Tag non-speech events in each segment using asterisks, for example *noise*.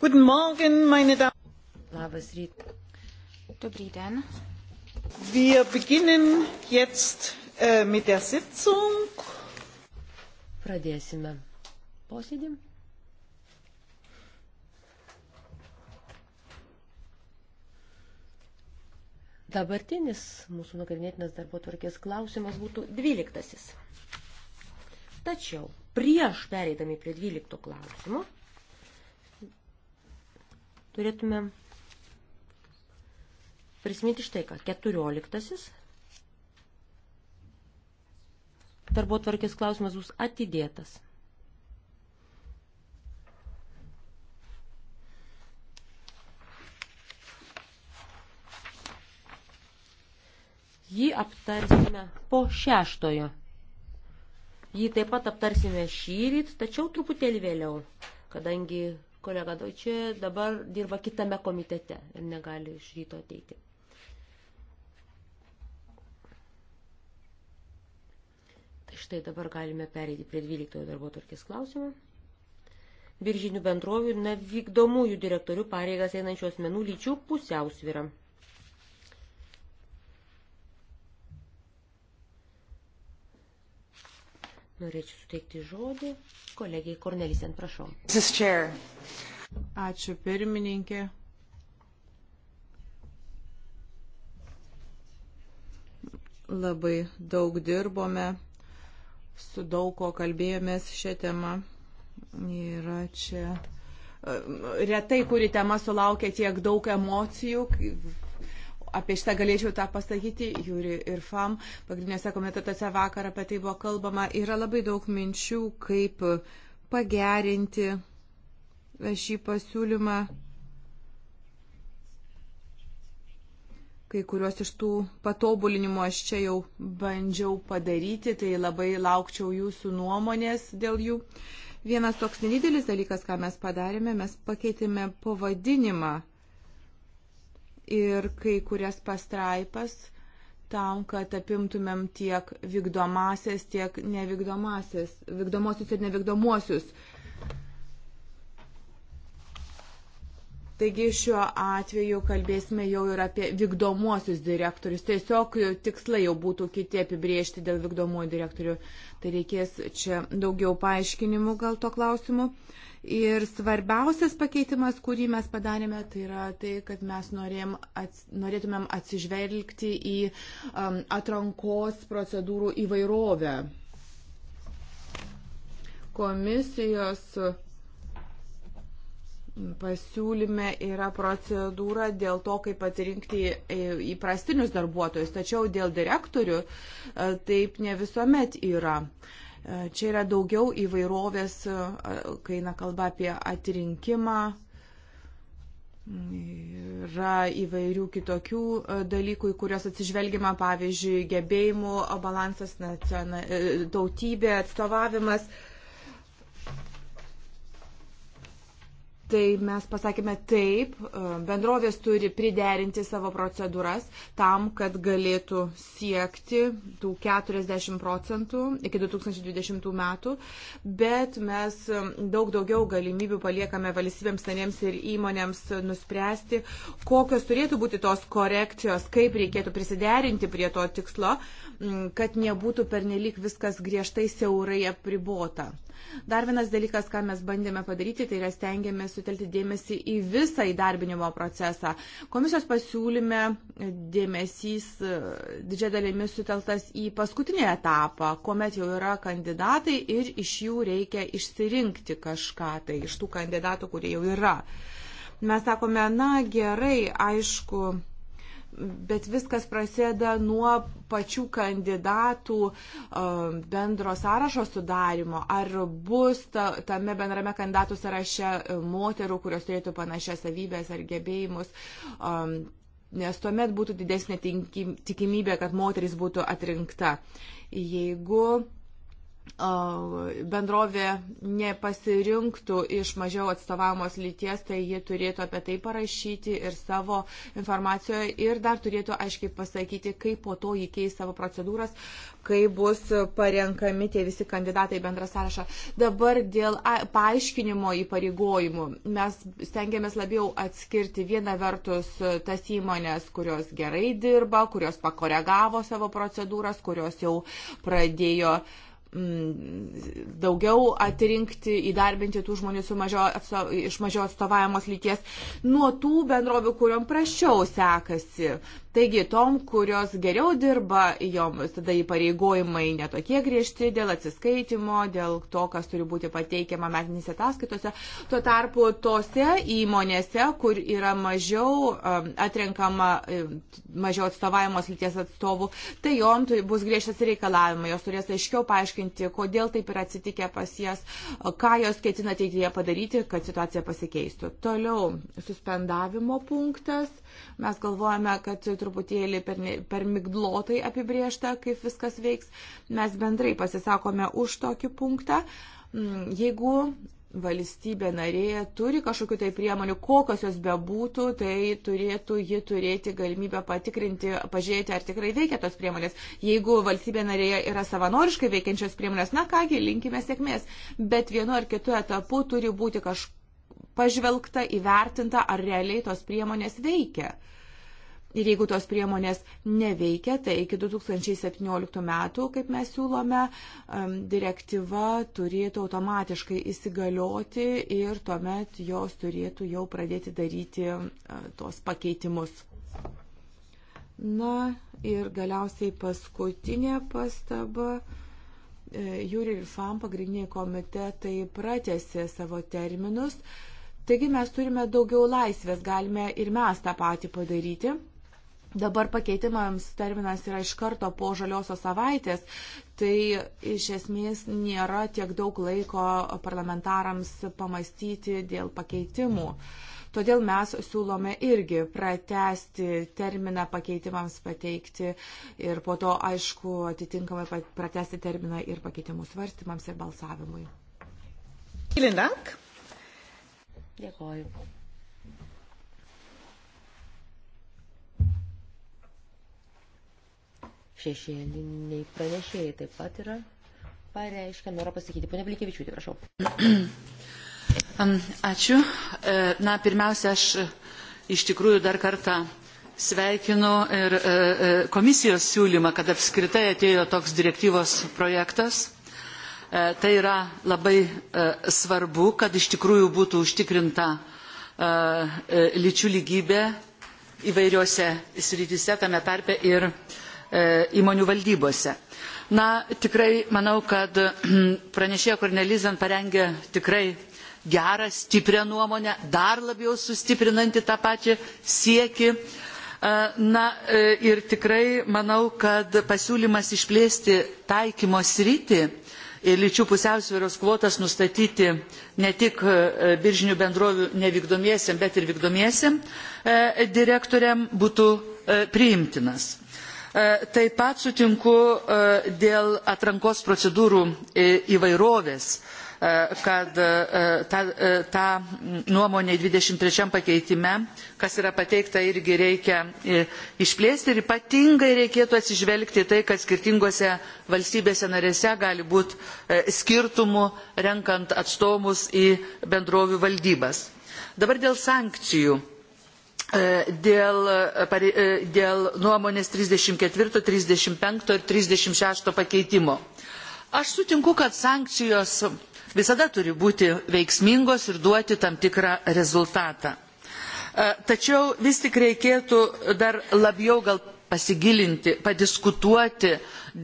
Guten Morgen, meine Damen. Labas rytas. Dobrý den. Wir beginnen jetzt äh, mit der Sitzung. Pradėsime posėdį. Dabartinis mūsų nagrinėtinas darbo tvarkės klausimas būtų dvyliktasis. Tačiau prieš pereidami prie dvylikto klausimo turėtume prisiminti štai ką. Keturioliktasis darbo tvarkės klausimas bus atidėtas. Jį aptarsime po šeštojo. Jį taip pat aptarsime šį ryt, tačiau truputėlį vėliau, kadangi kolega Dočia dabar dirba kitame komitete ir negali iš ryto ateiti. Tai štai dabar galime pereiti prie 12 darbo tvarkės klausimą. Biržinių bendrovių ir nevykdomųjų direktorių pareigas einančios menų lyčių pusiausvyra. Norėčiau suteikti žodį kolegijai Kornelisen, prašau. Ačiū pirmininkė. Labai daug dirbome, su daug ko kalbėjomės šią temą. Yra čia e, retai, kuri tema sulaukia tiek daug emocijų, apie šitą galėčiau tą pasakyti, Jūri ir FAM, pagrindinėse komitetuose vakar apie tai buvo kalbama, yra labai daug minčių, kaip pagerinti šį pasiūlymą. kai kuriuos iš tų patobulinimų aš čia jau bandžiau padaryti, tai labai laukčiau jūsų nuomonės dėl jų. Vienas toks nedidelis dalykas, ką mes padarėme, mes pakeitėme pavadinimą ir kai kurias pastraipas tam, kad apimtumėm tiek vykdomasias, tiek nevykdomasias, vykdomosius ir nevykdomosius. Taigi šiuo atveju kalbėsime jau ir apie vykdomuosius direktorius. Tiesiog tikslai jau būtų kiti apibriežti dėl vykdomųjų direktorių. Tai reikės čia daugiau paaiškinimų gal to klausimu. Uh, Ir svarbiausias pakeitimas, kurį mes padarėme, tai yra tai, kad mes norėm, ats, norėtumėm atsižvelgti į um, atrankos procedūrų įvairovę. Komisijos pasiūlyme yra procedūra dėl to, kaip atrinkti įprastinius darbuotojus, tačiau dėl direktorių e, taip ne visuomet yra. Čia yra daugiau įvairovės, kai eina kalba apie atrinkimą. Yra įvairių kitokių e, dalykų, į kuriuos atsižvelgima, pavyzdžiui, gebėjimų balansas, e, tautybė, atstovavimas. Tai mes pasakėme taip, e, bendrovės turi priderinti savo procedūras tam, kad galėtų siekti tų 40 procentų iki 2020 metų, bet mes e, daug daugiau galimybių paliekame valstybėms narėms ir įmonėms nuspręsti, kokios turėtų būti tos korekcijos, kaip reikėtų prisiderinti prie to tikslo, kad nebūtų pernelik viskas griežtai siaurai apribota. Dar vienas dalykas, ką mes bandėme padaryti, tai yra stengiamės sutelti dėmesį į visą įdarbinimo procesą. Komisijos pasiūlyme dėmesys e, didžia dalimi suteltas į paskutinį etapą, kuomet jau yra kandidatai ir iš jų reikia išsirinkti kažką, tai iš tų kandidatų, kurie jau yra. Mes sakome, na gerai, aišku, bet viskas prasideda nuo pačių kandidatų bendro sąrašo sudarimo. Ar bus ta, tame bendrame kandidatų sąraše e, moterų, kurios turėtų panašias savybės ar gebėjimus, nes tuomet būtų didesnė tikimybė, kad moteris būtų atrinkta. Jeigu bendrovė nepasirinktų iš mažiau atstovamos lyties, tai ji turėtų apie tai parašyti ir savo informacijoje ir dar turėtų aiškiai pasakyti, kaip po to jį keis savo procedūras, kai bus parenkami tie visi kandidatai bendrą sąrašą. Dabar dėl paaiškinimo įpareigojimų mes stengiamės labiau atskirti vieną vertus tas įmonės, kurios gerai dirba, kurios pakoregavo savo procedūras, kurios jau pradėjo uh, Mm, daugiau atrinkti, įdarbinti tų žmonių mažio, iš mažiau atstovavimos lyties nuo tų bendrovių, kuriuom prašiau sekasi. Taigi, tom, kurios geriau dirba, joms tada įpareigojimai netokie griežti dėl atsiskaitimo, dėl to, kas turi būti pateikiama metinėse ataskaitose. Tuo tarpu tose įmonėse, kur yra mažiau um, atrenkama, um, mažiau atstovavimos lyties atstovų, tai joms bus griežtas reikalavimai. Jos turės aiškiau paaiškinti, kodėl taip yra atsitikę pas jas, ką jos ketina ateityje padaryti, kad situacija pasikeistų. Toliau, suspendavimo punktas Mes galvojame, kad truputėlį per, per miglotai apibriešta, kaip viskas veiks. Mes bendrai pasisakome už tokį punktą. Mm, jeigu valstybė narė turi kažkokiu tai priemonių, kokios jos bebūtų, tai turėtų ji turėti galimybę patikrinti, pažiūrėti, ar tikrai veikia tos priemonės. Jeigu valstybė narėje yra savanoriškai veikiančios priemonės, na kągi, linkime sėkmės. Bet vienu ar kitu etapu turi būti kažkokia pažvelgta, įvertinta, ar realiai tos priemonės veikia. Ir jeigu tos priemonės neveikia, tai iki 2017 metų, kaip mes siūlome, direktyva turėtų automatiškai įsigalioti ir tuomet jos turėtų jau pradėti daryti tos pakeitimus. Na ir galiausiai paskutinė pastaba. E, Jūri ir FAM pagrindiniai komitetai pratėsi savo terminus. Uh, Taigi mes turime daugiau laisvės, galime ir mes tą patį padaryti. Dabar pakeitimams terminas yra iš karto po žaliosios savaitės, tai iš esmės nėra tiek daug laiko parlamentarams pamastyti dėl pakeitimų. Todėl mes siūlome irgi pratesti terminą pakeitimams pateikti ir po to, aišku, atitinkamai pratesti terminą ir pakeitimų svarstymams ir balsavimui. Vielen Dank. Dėkoju. Šešėliniai pranešėjai taip pat yra pareiškę, norą pasakyti. Pone Blikievičiūtė, prašau. *clears throat* Ačiū. E, na, pirmiausia, aš iš tikrųjų dar kartą sveikinu ir e, e, komisijos siūlymą, kad apskritai atėjo toks direktyvos projektas E, tai yra labai e, svarbu, kad iš tikrųjų būtų užtikrinta e, lyčių lygybė įvairiuose srityse, tame tarpe ir įmonių valdybose. Na, tikrai manau, kad *clears throat* pranešėja Kornelizan parengė tikrai gerą, stiprią nuomonę, dar labiau sustiprinanti tą pačią sieki. Na ir tikrai manau, kad pasiūlymas išplėsti taikymo sritį lyčių pusiausvėros kvotas nustatyti ne tik e, e, biržinių bendrovių nevykdomiesiems, bet ir vykdomiesiems e, direktoriams būtų priimtinas. Taip pat sutinku dėl atrankos procedūrų įvairovės kad e, ta, e, ta nuomonė 23 pakeitime, kas yra pateikta, irgi reikia e, išplėsti ir ypatingai reikėtų atsižvelgti tai, kad skirtingose valstybėse narėse gali būti skirtumų renkant atstomus į bendrovių valdybas. Dabar dėl sankcijų dėl, dėl nuomonės 34, 35 ir 36 pakeitimo. Aš sutinku, kad sankcijos visada turi būti veiksmingos ir duoti tam tikrą rezultatą. E, tačiau vis tik reikėtų dar labiau gal pasigilinti, padiskutuoti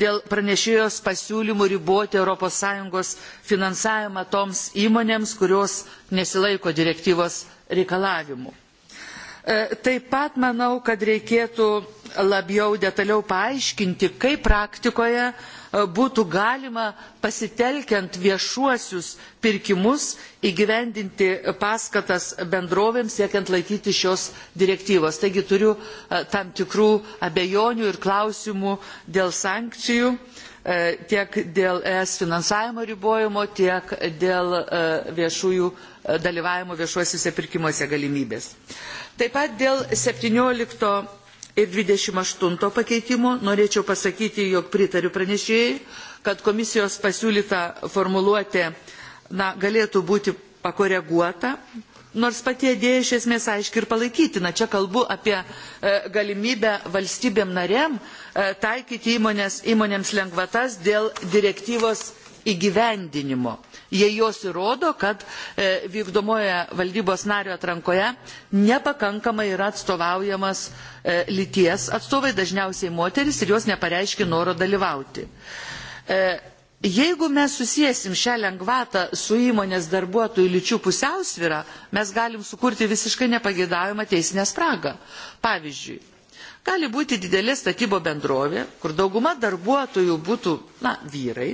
dėl pranešėjos pasiūlymų riboti ES finansavimą toms įmonėms, kurios nesilaiko direktyvos reikalavimų E, taip pat manau, kad reikėtų labiau detaliau paaiškinti, kaip praktikoje e, būtų galima pasitelkiant viešuosius pirkimus įgyvendinti paskatas bendrovėms siekiant laikyti šios direktyvos. Taigi turiu e, tam tikrų abejonių ir klausimų dėl sankcijų. E, E, tiek dėl ES finansavimo ribojimo, tiek dėl e, viešųjų e, dalyvavimo viešuosiuose pirkimuose galimybės. Taip pat dėl 17 ir 28 pakeitimo norėčiau pasakyti, jog pritariu pranešėjai, kad komisijos pasiūlyta formuluotė na, galėtų būti pakoreguota, nors pati idėja iš esmės aiški ir palaikytina. Čia kalbu apie e, galimybę valstybėm narėm e, taikyti įmonės, įmonėms lengvatas dėl direktyvos įgyvendinimo jei jos įrodo kad e, vykdomoje valdybos nario atrankoje nepakankamai yra atstovaujamos lyties atstovai dažniausiai moterys ir jos nepareiškė noro dalyvauti. Jeigu mes susijęsim šią lengvatą su įmonės darbuotojų lyčių pusiausvyra, mes galim sukurti visiškai nepagėdavimą teisinę spragą. Pavyzdžiui, gali būti didelė statybo bendrovė, kur dauguma darbuotojų būtų na, vyrai,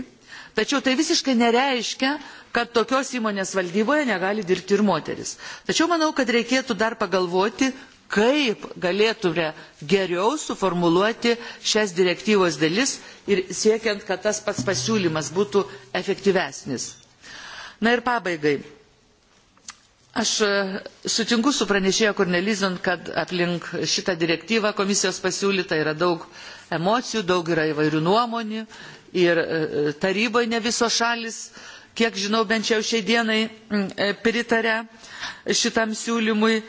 tačiau tai visiškai nereiškia, kad tokios įmonės valdyboje negali dirbti ir moteris. Tačiau manau, kad reikėtų dar pagalvoti, kaip galėtume geriau suformuluoti šias direktyvos dalis ir siekiant, kad tas pats pasiūlymas būtų efektyvesnis. Na ir pabaigai. Aš e, sutinku su pranešėjo Kornelizon, kad aplink šitą direktyvą komisijos pasiūlyta yra daug emocijų, daug yra įvairių nuomonių ir e, taryboje ne visos šalis, kiek žinau, bent jau šiai dienai e, pritarė šitam siūlymui.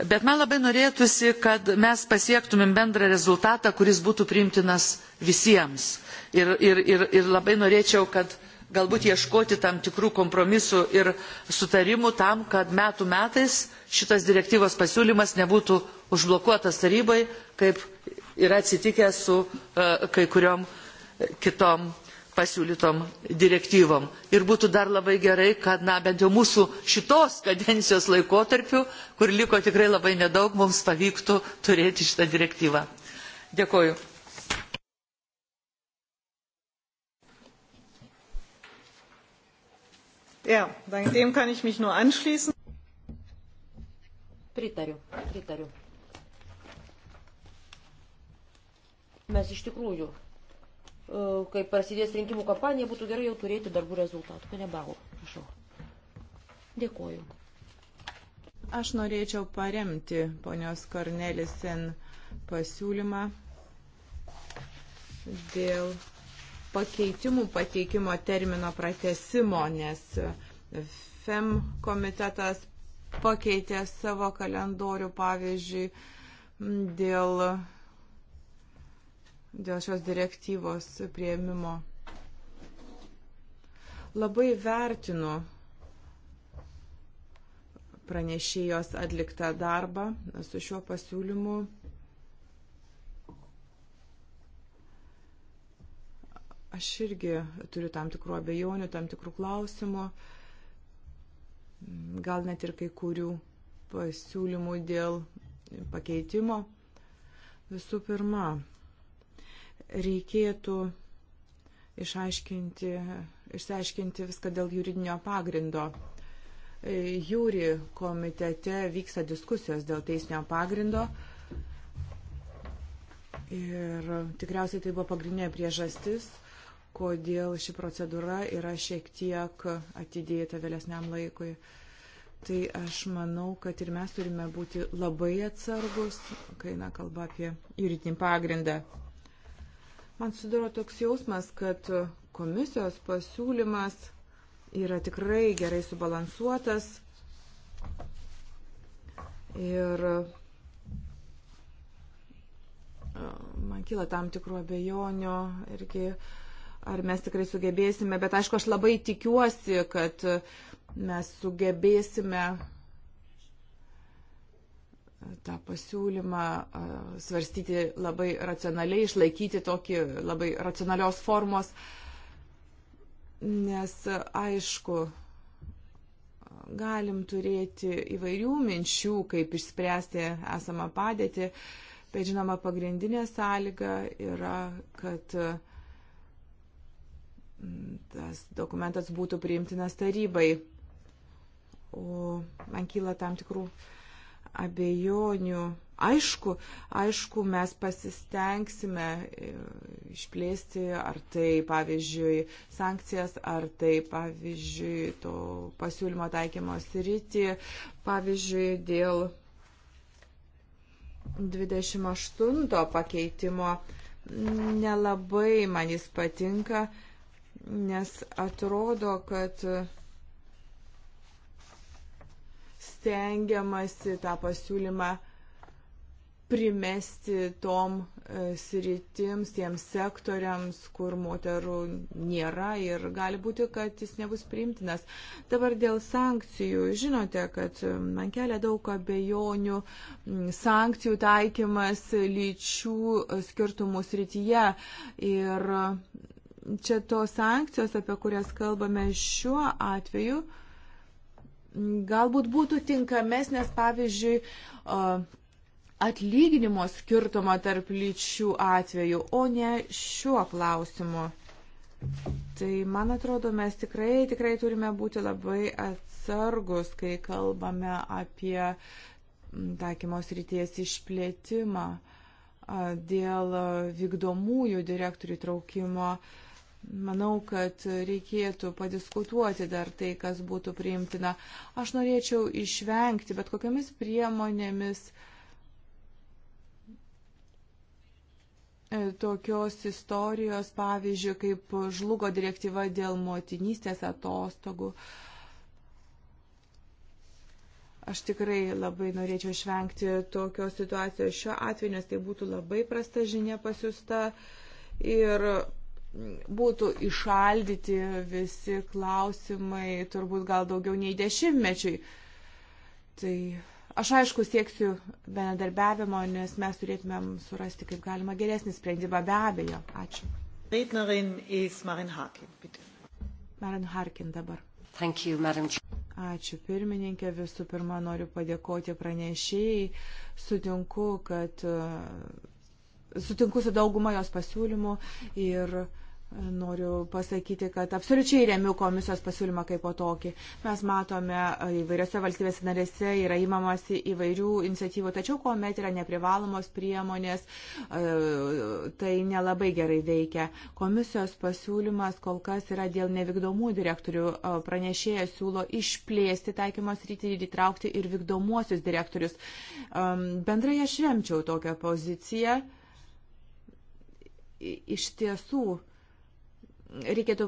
Bet man labai norėtųsi, kad mes pasiektumėm bendrą rezultatą, kuris būtų priimtinas visiems. Ir, ir, ir, ir labai norėčiau, kad galbūt ieškoti tam tikrų kompromisų ir sutarimų tam, kad metų metais šitas direktyvos pasiūlymas nebūtų užblokuotas tarybai, kaip yra atsitikę su e, kai kuriom kitom pasiūlytom direktyvom. Ir būtų dar labai gerai, kad, na, bent jau mūsų šitos kadencijos laikotarpiu, kur liko tikrai labai nedaug, mums pavyktų turėti šitą direktyvą. Dėkoju. Ja, dem kann ich mich nur anschließen. Pritariu, pritariu. Mes iš tikrųjų kai prasidės rinkimų kampanija, būtų gerai jau turėti darbų rezultatų. Pane Bau, prašau. Dėkuoju. Aš norėčiau paremti ponios Kornelisen pasiūlymą dėl pakeitimų pateikimo termino pratesimo, nes FEM komitetas pakeitė savo kalendorių, pavyzdžiui, dėl dėl šios direktyvos prieimimo. Labai vertinu pranešėjos atliktą darbą su šiuo pasiūlymu. Aš irgi turiu tam tikrų abejonių, tam tikrų klausimų, gal net ir kai kurių pasiūlymų dėl pakeitimo. Visų pirma, reikėtų išaiškinti, išsiaiškinti viską dėl juridinio pagrindo. E, jūri komitete vyksta diskusijos dėl teisinio pagrindo. Ir tikriausiai tai buvo pagrindinė priežastis, kodėl ši procedūra yra šiek tiek atidėta vėlesniam laikui. Tai aš manau, kad ir mes turime būti labai atsargus, kai eina kalba apie juridinį pagrindą. Man sudaro toks jausmas, kad komisijos pasiūlymas yra tikrai gerai subalansuotas ir e, man kyla tam tikrų abejonių irgi, ar mes tikrai sugebėsime, bet aišku, aš labai tikiuosi, kad mes sugebėsime tą pasiūlymą svarstyti labai racionaliai, išlaikyti tokį labai racionalios formos, nes aišku, galim turėti įvairių minčių, kaip išspręsti esamą padėtį, bet žinoma, pagrindinė sąlyga yra, kad mm, tas dokumentas būtų priimtinas tarybai. O man kyla tam tikrų uh, abejonių. Aišku, aišku, mes pasistengsime e, išplėsti ar tai, pavyzdžiui, sankcijas, ar tai, pavyzdžiui, to pasiūlymo taikymo sritį, pavyzdžiui, dėl 28 pakeitimo nelabai man jis patinka, nes atrodo, kad stengiamasi tą pasiūlymą primesti tom e, sritims, tiems sektoriams, kur moterų nėra ir gali būti, kad jis nebus priimtinas. Dabar dėl sankcijų. Žinote, kad e, man kelia daug abejonių sankcijų taikymas lyčių e, skirtumų srityje. Ir čia tos sankcijos, apie kurias kalbame šiuo atveju, galbūt būtų tinkamesnės, pavyzdžiui, atlyginimo skirtumo tarp lyčių atveju, o ne šiuo klausimu. Tai, man atrodo, mes tikrai, tikrai turime būti labai atsargus, kai kalbame apie taikymos ryties išplėtimą dėl vykdomųjų direktorių traukimo. Uh, Manau, kad reikėtų padiskutuoti dar tai, kas būtų priimtina. Aš norėčiau išvengti, bet kokiamis priemonėmis e, tokios istorijos, pavyzdžiui, kaip žlugo direktyva dėl motinystės atostogų. Aš tikrai labai norėčiau išvengti tokios situacijos šiuo atveju, nes tai būtų labai prasta žinia pasiusta. Ir būtų išaldyti visi klausimai, turbūt gal daugiau nei dešimtmečiui. Tai aš aišku sieksiu bendradarbiavimo, nes mes turėtumėm surasti kaip galima geresnį sprendimą, be abejo. Ačiū. Rednerin is Marin Harkin, bitte. Marin Harkin dabar. Thank you, Madam Chair. Ačiū pirmininkė, visų pirma noriu padėkoti pranešėjai. Sutinku, kad sutinku su dauguma jos pasiūlymų ir e, Noriu pasakyti, kad absoliučiai remiu komisijos pasiūlymą kaip po tokį. Mes matome e, įvairiose valstybės narėse yra įmamasi įvairių iniciatyvų, tačiau kuomet yra neprivalomos priemonės, e, tai nelabai gerai veikia. Komisijos pasiūlymas kol kas yra dėl nevykdomų direktorių. Pranešėjas siūlo išplėsti taikymos rytį ir įtraukti ir vykdomuosius direktorius. Bendrai aš remčiau tokią poziciją iš tiesų reikėtų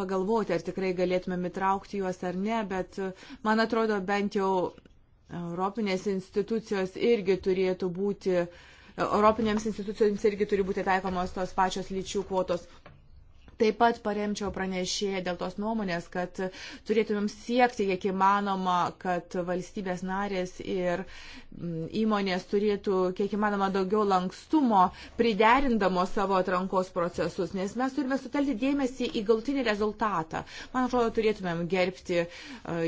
pagalvoti, ar tikrai galėtumėm įtraukti juos ar ne, bet man atrodo bent jau Europinės institucijos irgi turėtų būti, Europinėms institucijoms irgi turi būti taikomos tos pačios lyčių kvotos. Taip pat paremčiau pranešėją dėl tos nuomonės, kad turėtumėm siekti, kiek įmanoma, kad valstybės narės ir mm, įmonės turėtų, kiek įmanoma, daugiau lankstumo priderindamo savo atrankos procesus, nes mes turime sutelti dėmesį į galtinį rezultatą. Man atrodo, turėtumėm gerbti e,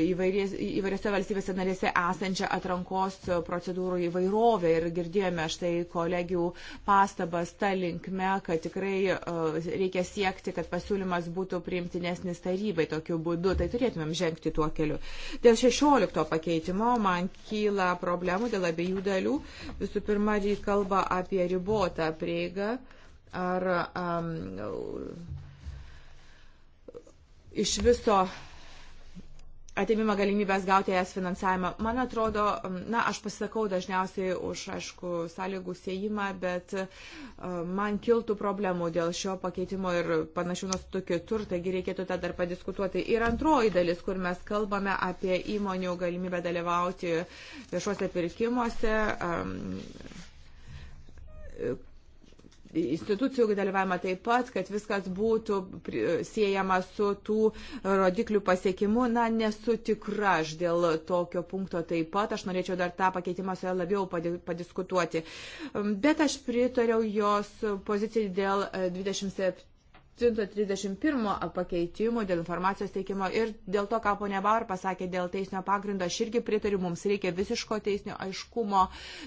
įvairias, įvairiose valstybėse narėse esančią atrankos procedūrų įvairovę ir girdėjome štai kolegių pastabas tą linkme, kad tikrai e, reikia siekti, kad kad pasiūlymas būtų priimtinesnis tarybai tokiu būdu, tai turėtumėm žengti tuo keliu. Dėl 16 pakeitimo man kyla problemų dėl abiejų dalių. Visų pirma, jį kalba apie ribotą prieigą ar um, iš viso atimimą galimybės gauti es finansavimą. Man atrodo, na, aš pasisakau dažniausiai už, aišku, sąlygų siejimą, bet e, man kiltų problemų dėl šio pakeitimo ir panašių nuostatų kitur, taigi reikėtų tą dar padiskutuoti. Ir antroji dalis, kur mes kalbame apie įmonių galimybę dalyvauti viešuose pirkimuose. Um, institucijų dalyvavimą taip pat, kad viskas būtų siejama su tų rodiklių pasiekimu. Na, nesu tikra aš dėl tokio punkto taip pat. Aš norėčiau dar tą pakeitimą su ja labiau padiskutuoti. Bet aš pritariau jos pozicijai dėl 27 131 pakeitimų dėl informacijos teikimo ir dėl to, ką ponė Bauer pasakė dėl teisinio pagrindo, aš irgi pritariu, mums reikia visiško teisinio aiškumo.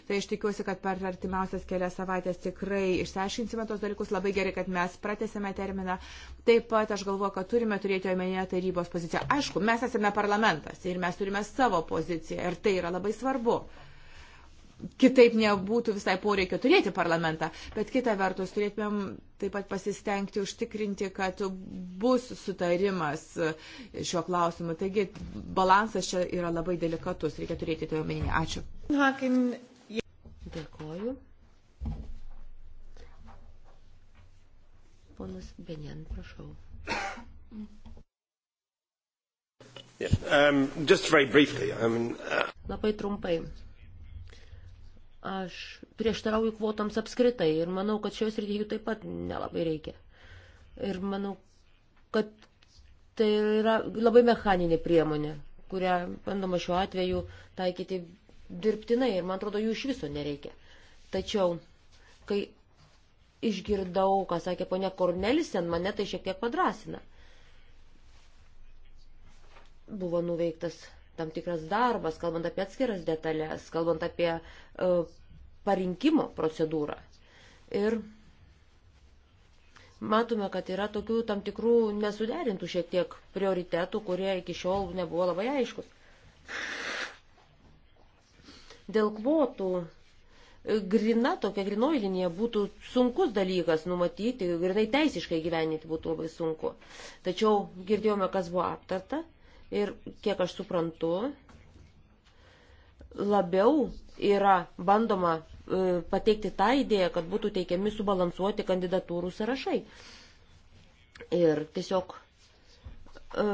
Tai aš tikiuosi, kad per artimiausias kelias savaitės tikrai išsiaiškinsime tos dalykus. Labai gerai, kad mes pratesėme terminą. Taip pat aš galvoju, kad turime turėti omenyje tarybos poziciją. Aišku, mes esame parlamentas ir mes turime savo poziciją ir tai yra labai svarbu kitaip nebūtų visai poreikio turėti parlamentą. Bet kita vertus, turėtumėm taip pat pasistengti užtikrinti, kad bus sutarimas šiuo klausimu. Taigi balansas čia yra labai delikatus, reikia turėti tai omenyje. Ačiū. Dėkoju. Ponas Benien, prašau. Yeah, um, just very briefly, I mean, uh... Labai trumpai. Aš prieštarauju kvotoms apskritai ir manau, kad šios rytyje jų taip pat nelabai reikia. Ir manau, kad tai yra labai mechaninė priemonė, kurią bandoma šiuo atveju taikyti dirbtinai ir man atrodo jų iš viso nereikia. Tačiau, kai išgirdau, ką sakė ponia Kornelisen, mane tai šiek tiek padrasina. Buvo nuveiktas tam tikras darbas, kalbant apie atskiras detalės, kalbant apie uh, parinkimo procedūrą. Ir matome, kad yra tokių tam tikrų nesuderintų šiek tiek prioritetų, kurie iki šiol nebuvo labai aiškus. Dėl kvotų e, grina, tokia grinoji linija būtų sunkus dalykas numatyti, grinai teisiškai gyveninti būtų labai sunku. Tačiau girdėjome, kas buvo aptarta Ir kiek aš suprantu, labiau yra bandoma e, pateikti tą idėją, kad būtų teikiami subalansuoti kandidatūrų sąrašai. Ir tiesiog, e,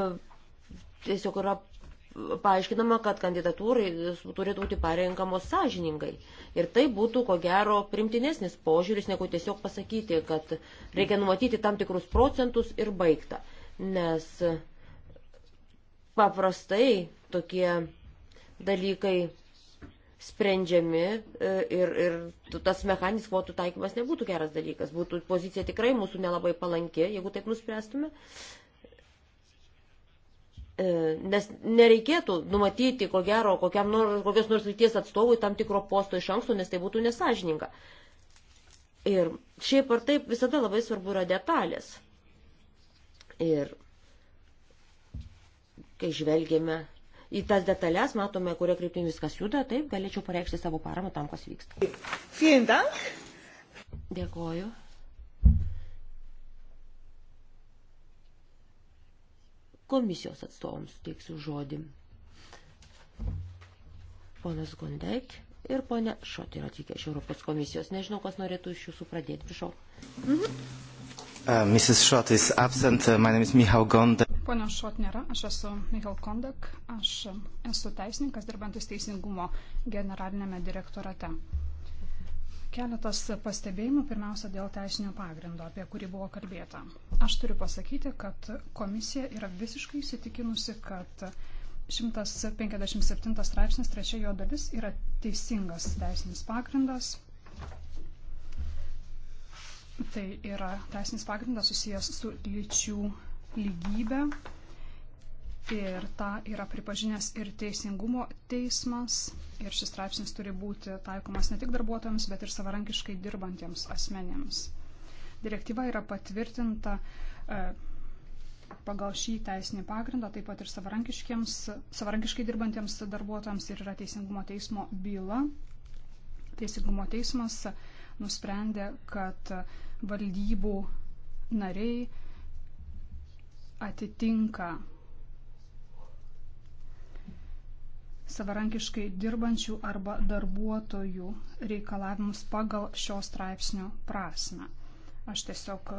tiesiog yra paaiškinama, kad kandidatūrai turėtų būti parenkamos sąžiningai. Ir tai būtų, ko gero, primtinesnis požiūris, negu tiesiog pasakyti, kad reikia numatyti tam tikrus procentus ir baigta. Nes paprastai tokie dalykai sprendžiami e, ir, ir tas mechaninis kvotų taikymas nebūtų geras dalykas. Būtų pozicija tikrai mūsų nelabai palanki, jeigu taip nuspręstume. E, nes nereikėtų numatyti, ko gero, nors, kokios nors ryties atstovui tam tikro posto iš anksto, nes tai būtų nesažininga. Ir šiaip ar taip visada labai svarbu yra detalės. Ir Kai žvelgėme į tas detalės, matome, kuria kryptimi viskas juda, taip galėčiau pareikšti savo paramą tam, kas vyksta. Dėkoju. Komisijos atstovams suteiksiu žodį. Ponas Gondek ir ponė Šot yra atvykę iš Europos komisijos. Nežinau, kas norėtų iš jūsų pradėti. Prašau. Mhm. Uh, Mrs. Schott is absent. Uh, my name is Michał Gondek. Pone Šot nėra, aš esu Michael Kondak, aš esu teisininkas dirbantis Teisingumo generalinėme direktorate. Keletas pastebėjimų pirmiausia dėl teisinio pagrindo, apie kurį buvo kalbėta. Aš turiu pasakyti, kad komisija yra visiškai įsitikinusi, kad 157 straipsnis trečia jo dalis yra teisingas teisinis pagrindas. Tai yra teisinis pagrindas susijęs su lyčių lygybę ir tą yra pripažinęs ir teisingumo teismas. Ir šis straipsnis turi būti taikomas ne tik darbuotojams, bet ir savarankiškai dirbantiems asmenėms. Direktyva yra patvirtinta e, pagal šį teisinį pagrindą, taip pat ir savarankiškai dirbantiems darbuotojams ir yra teisingumo teismo byla. Teisingumo teismas nusprendė, kad valdybų nariai atitinka savarankiškai dirbančių arba darbuotojų reikalavimus pagal šio straipsnio prasme. Aš tiesiog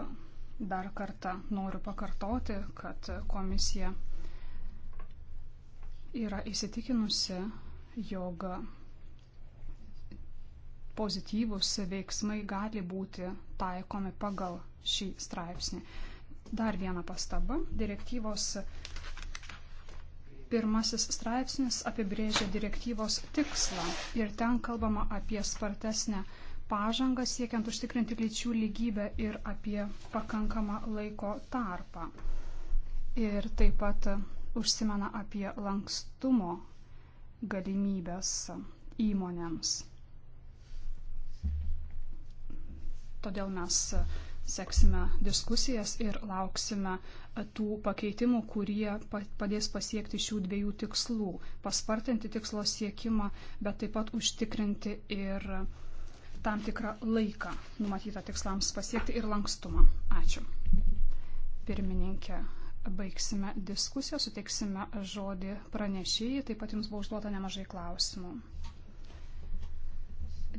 dar kartą noriu pakartoti, kad komisija yra įsitikinusi, jog pozityvus veiksmai gali būti taikomi pagal šį straipsnį. Dar viena pastaba. Direktyvos pirmasis straipsnis apibrėžia direktyvos tikslą ir ten kalbama apie spartesnę pažangą siekiant užtikrinti lyčių lygybę ir apie pakankamą laiko tarpą. Ir taip pat užsimena apie lankstumo galimybės įmonėms. Todėl mes seksime diskusijas ir lauksime e, tų pakeitimų, kurie padės pasiekti šių dviejų tikslų - paspartinti tikslo siekimą, bet taip pat užtikrinti ir tam tikrą laiką numatytą tikslams pasiekti ir lankstumą. Ačiū. Pirmininkė, baigsime diskusiją, suteiksime žodį pranešėjai, taip pat jums buvo užduota nemažai klausimų.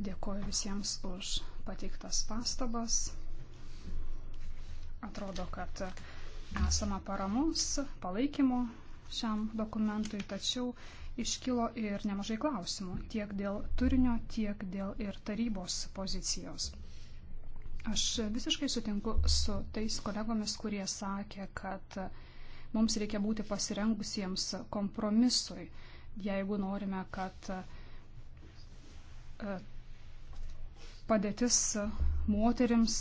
Dėkoju visiems už pateiktas pastabas. Atrodo, kad esama paramos, palaikymo šiam dokumentui, tačiau iškilo ir nemažai klausimų tiek dėl turinio, tiek dėl ir tarybos pozicijos. Aš visiškai sutinku su tais kolegomis, kurie sakė, kad mums reikia būti pasirengusiems kompromisui, jeigu norime, kad e, padėtis moterims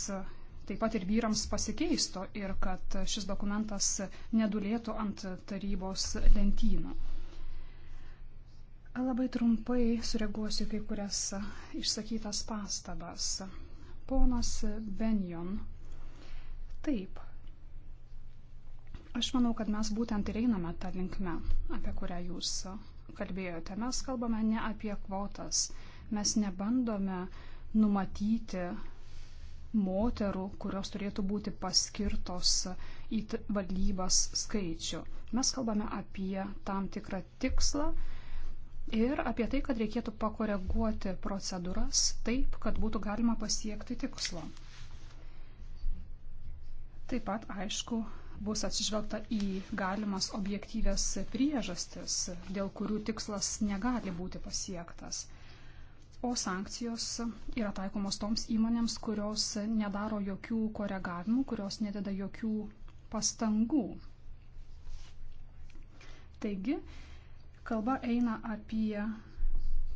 taip pat ir vyrams pasikeistų ir kad šis dokumentas nedulėtų ant tarybos lentynų. Labai trumpai sureaguosiu kai kurias išsakytas pastabas. Ponas Benjon. Taip. Aš manau, kad mes būtent ir einame tą linkmę, apie kurią jūs kalbėjote. Mes kalbame ne apie kvotas. Mes nebandome numatyti moterų, kurios turėtų būti paskirtos į valdybas skaičių. Mes kalbame apie tam tikrą tikslą ir apie tai, kad reikėtų pakoreguoti procedūras taip, kad būtų galima pasiekti tikslo. Taip pat, aišku, bus atsižvelgta į galimas objektyvės priežastis, dėl kurių tikslas negali būti pasiektas o sankcijos yra taikomos toms įmonėms, kurios nedaro jokių koregavimų, kurios nededa jokių pastangų. Taigi, kalba eina apie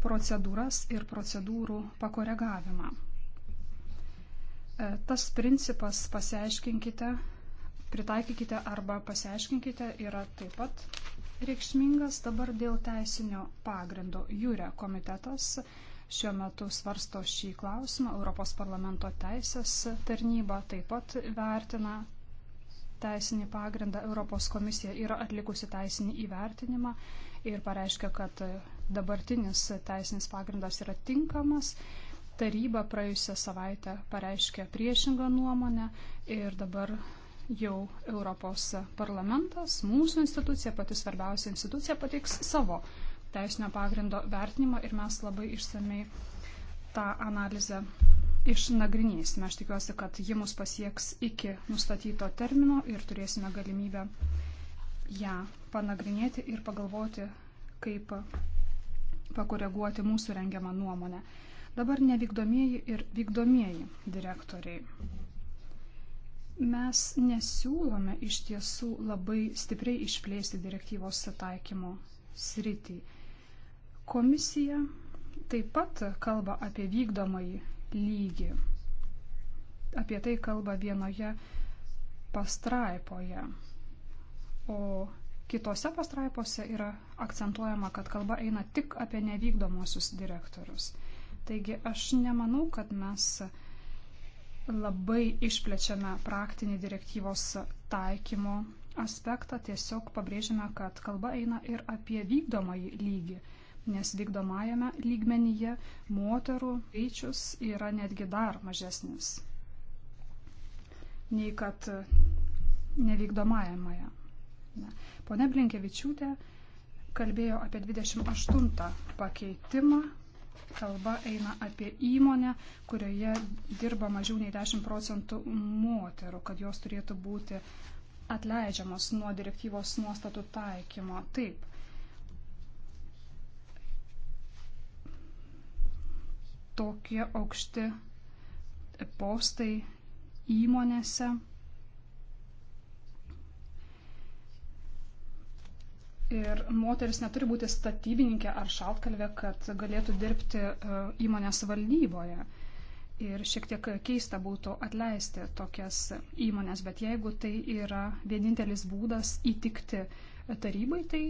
procedūras ir procedūrų pakoregavimą. E, tas principas pasiaiškinkite, pritaikykite arba pasiaiškinkite yra taip pat reikšmingas dabar dėl teisinio pagrindo. Jūrė komitetas šiuo metu svarsto šį klausimą. Europos parlamento teisės tarnyba taip pat vertina teisinį pagrindą. Europos komisija yra atlikusi teisinį įvertinimą ir pareiškia, kad dabartinis teisinis pagrindas yra tinkamas. Taryba praėjusią savaitę pareiškė priešingą nuomonę ir dabar jau Europos parlamentas, mūsų institucija, pati svarbiausia institucija pateiks savo teisinio pagrindo vertinimą ir mes labai išsamei tą analizę išnagrinėsime. Aš tikiuosi, kad ji mus pasieks iki nustatyto termino ir turėsime galimybę ją panagrinėti ir pagalvoti, kaip pakoreguoti mūsų rengiamą nuomonę. Dabar nevykdomieji ir vykdomieji direktoriai. Mes nesiūlome iš tiesų labai stipriai išplėsti direktyvos taikymo sritį. Komisija taip pat kalba apie vykdomąjį lygį. Apie tai kalba vienoje pastraipoje. O kitose pastraipose yra akcentuojama, kad kalba eina tik apie nevykdomosius direktorius. Taigi aš nemanau, kad mes labai išplečiame praktinį direktyvos taikymo aspektą, tiesiog pabrėžiame, kad kalba eina ir apie vykdomąjį lygį nes vykdomajame lygmenyje moterų skaičius yra netgi dar mažesnis nei kad nevykdomajame. Pone Blinkevičiūtė kalbėjo apie 28 pakeitimą. Kalba eina apie įmonę, kurioje dirba mažiau nei 10 procentų moterų, kad jos turėtų būti atleidžiamos nuo direktyvos nuostatų taikymo. Taip, tokie aukšti postai įmonėse. Ir moteris neturi būti statybininkė ar šaltkalvė, kad galėtų dirbti e, įmonės valdyboje. Ir šiek tiek keista būtų atleisti tokias įmonės, bet jeigu tai yra vienintelis būdas įtikti tarybai, tai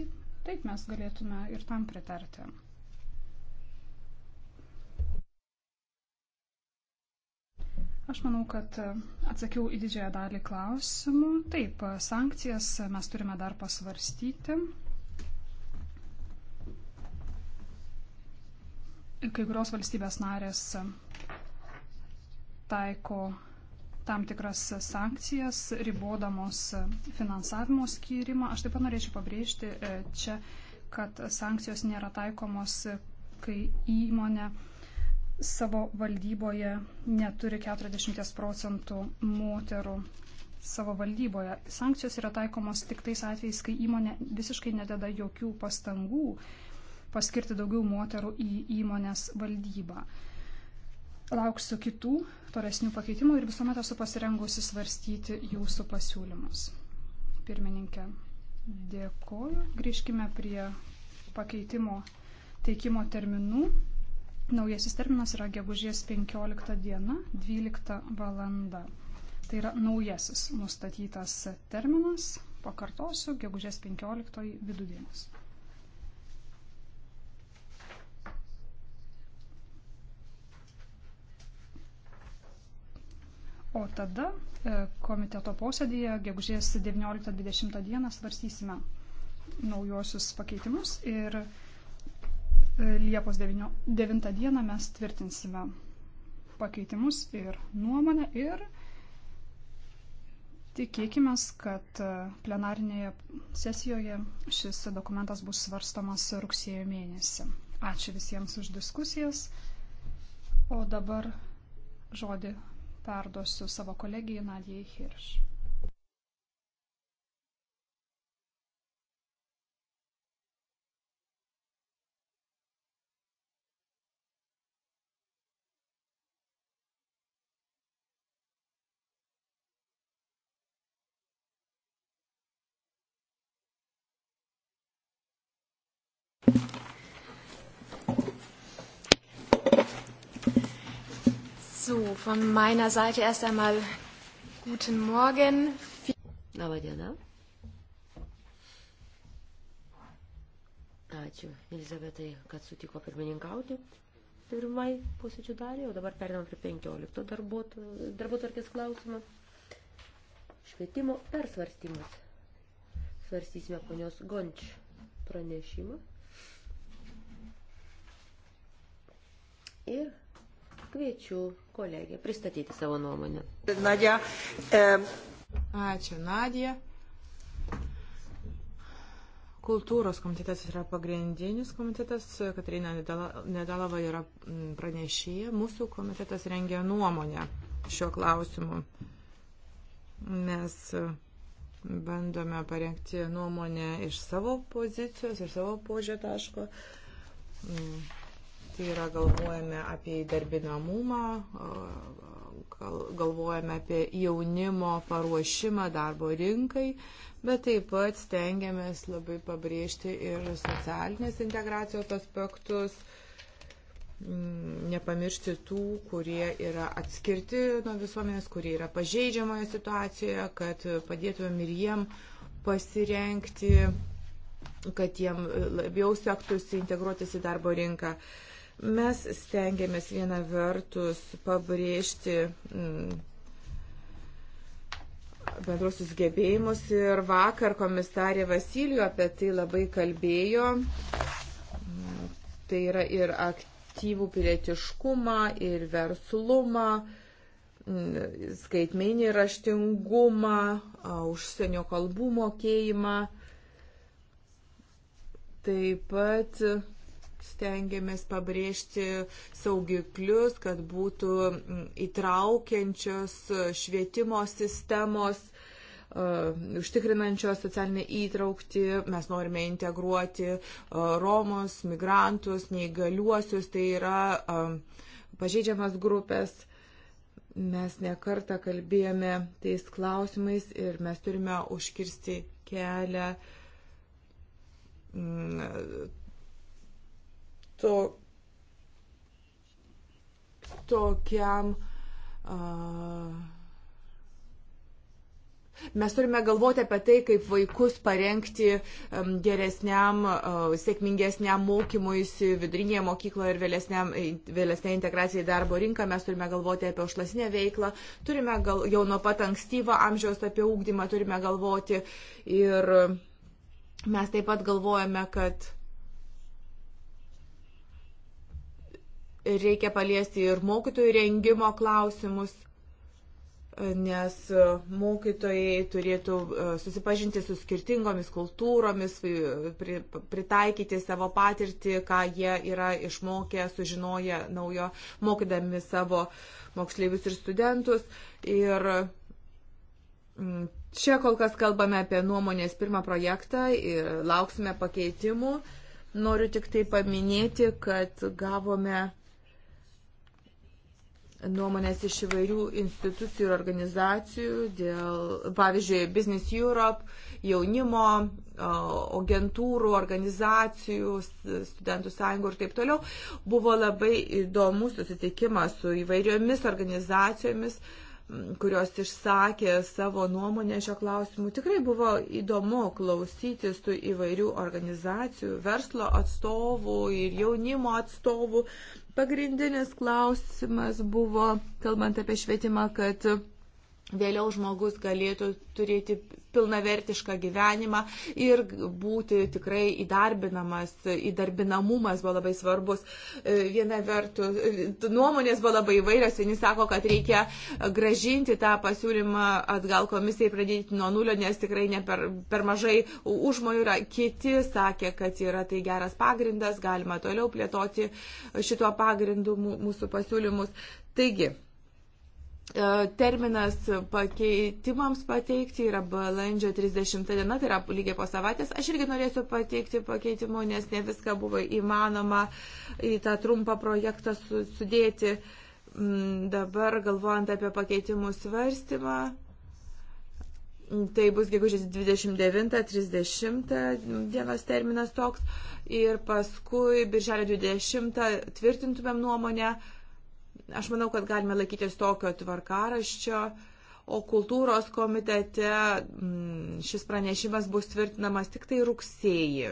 taip mes galėtume ir tam pritarti. Aš manau, kad e, atsakiau į didžiąją dalį klausimų. Taip, e, sankcijas e, mes turime dar pasvarstyti. Kai kurios valstybės narės taiko tam tikras sankcijas, ribodamos finansavimo skyrimą. Aš taip pat norėčiau pabrėžti čia, kad sankcijos nėra taikomos, kai įmonė savo valdyboje neturi 40 procentų moterų savo valdyboje. Sankcijos yra taikomos tik tais atvejais, kai įmonė visiškai nededa jokių pastangų paskirti daugiau moterų į įmonės valdybą. Lauksiu kitų tolesnių pakeitimų ir visuomet esu pasirengusi svarstyti jūsų pasiūlymus. Pirmininkė, dėkoju. Grįžkime prie pakeitimo teikimo terminų. Naujasis terminas yra gegužės 15 diena, 12 valanda. Tai yra naujasis nustatytas terminas, pakartosiu, gegužės 15 vidudienis. O tada e, komiteto posėdėje gegužės 19-20 dieną svarstysime naujosius pakeitimus ir Liepos 9 dieną mes tvirtinsime pakeitimus ir nuomonę ir tikėkime, kad e, plenarinėje sesijoje šis dokumentas bus svarstamas rugsėjo mėnesį. Ačiū visiems už diskusijas, o dabar žodį perduosiu savo kolegijai Nadijai Hirš. So, von meiner Seite erst einmal guten Morgen. Labą dieną. Ačiū, Elizabetai, kad sutiko pirmininkauti pirmai pusėčių dalį, o dabar perinam prie 15 darbotvarkės klausimą. Švietimo persvarstymas. Svarstysime ponios Gonč pranešimą. Ir Kviečiu kolegę pristatyti savo nuomonę. Nadja. E, Ačiū, Nadja. Kultūros komitetas yra pagrindinis komitetas, Katarina Nedalava yra mm, pranešėja, mūsų komitetas rengia nuomonę šiuo klausimu. Mes e, bandome parengti nuomonę iš savo pozicijos, iš savo požiūrio taško. Mm tai yra galvojame apie įdarbinamumą, galvojame apie jaunimo paruošimą darbo rinkai, bet taip pat stengiamės labai pabrėžti ir socialinės integracijos aspektus, mm, nepamiršti tų, kurie yra atskirti nuo visuomenės, kurie yra pažeidžiamoje situacijoje, kad padėtumėm ir jiem pasirenkti, kad jiem labiau sektųsi integruotis į darbo rinką. Uh, Mes stengiamės vieną vertus pabrėžti mm, bendruosius gebėjimus ir vakar komisarė Vasilijų apie tai labai kalbėjo. Tai yra ir aktyvų pilietiškumą, ir verslumą, mm, skaitmenį raštingumą, užsienio kalbų mokėjimą. Taip pat stengiamės pabrėžti saugiklius, kad būtų mm, įtraukiančios švietimo sistemos, e, užtikrinančios socialinę įtraukti. Mes norime integruoti e, Romus, migrantus, neįgaliuosius, tai yra e, pažeidžiamas grupės mes nekartą kalbėjome tais klausimais ir mes turime užkirsti kelią mm, to, tokiam. Uh, Mes turime galvoti apie tai, kaip vaikus parengti geresniam, sėkmingesniam mokymuisi vidurinėje mokykloje ir vėlesnė integracija į darbo rinką. Mes turime galvoti apie užlasinę veiklą, turime gal, jau nuo pat ankstyvo amžiaus apie ūkdymą turime galvoti. Ir mes taip pat galvojame, kad Reikia paliesti ir mokytojų rengimo klausimus, nes mokytojai turėtų e, susipažinti su skirtingomis kultūromis, e, pritaikyti savo patirtį, ką jie yra išmokę, sužinoję naujo, mokydami savo moksleivius ir studentus. Ir čia kol kas kalbame apie nuomonės pirmą projektą ir lauksime pakeitimų. Noriu tik tai paminėti, kad gavome nuomonės iš įvairių institucijų ir organizacijų, dėl, pavyzdžiui, Business Europe, jaunimo, agentūrų, organizacijų, studentų sąjungų ir taip toliau. Buvo labai įdomus susitikimas su įvairiomis organizacijomis kurios išsakė savo nuomonę šio klausimu. Tikrai buvo įdomu klausytis tų įvairių organizacijų, verslo atstovų ir jaunimo atstovų. Uh, Pagrindinis klausimas buvo, kalbant apie švietimą, kad vėliau žmogus galėtų turėti pilnavertišką gyvenimą ir būti tikrai įdarbinamas, įdarbinamumas buvo labai svarbus. E, viena vertus, e, nuomonės buvo labai įvairios, vieni sako, kad reikia gražinti tą pasiūlymą atgal komisijai pradėti nuo nulio, nes tikrai ne per, per mažai užmojų yra. Kiti sakė, kad yra tai geras pagrindas, galima toliau plėtoti šituo pagrindu mūsų pasiūlymus. Taigi, E, terminas pakeitimams pateikti yra balandžio 30 diena, tai yra lygiai po savaitės. Aš irgi norėsiu pateikti pakeitimų, nes ne viską buvo įmanoma į tą trumpą projektą sudėti. Mm, dabar galvojant apie pakeitimų svarstymą, tai bus gegužės 29-30 dienos terminas toks ir paskui birželio 20 tvirtintumėm nuomonę Aš manau, kad galime laikytis tokio tvarkaraščio, o kultūros komitete mm, šis pranešimas bus tvirtinamas tik tai rugsėjį.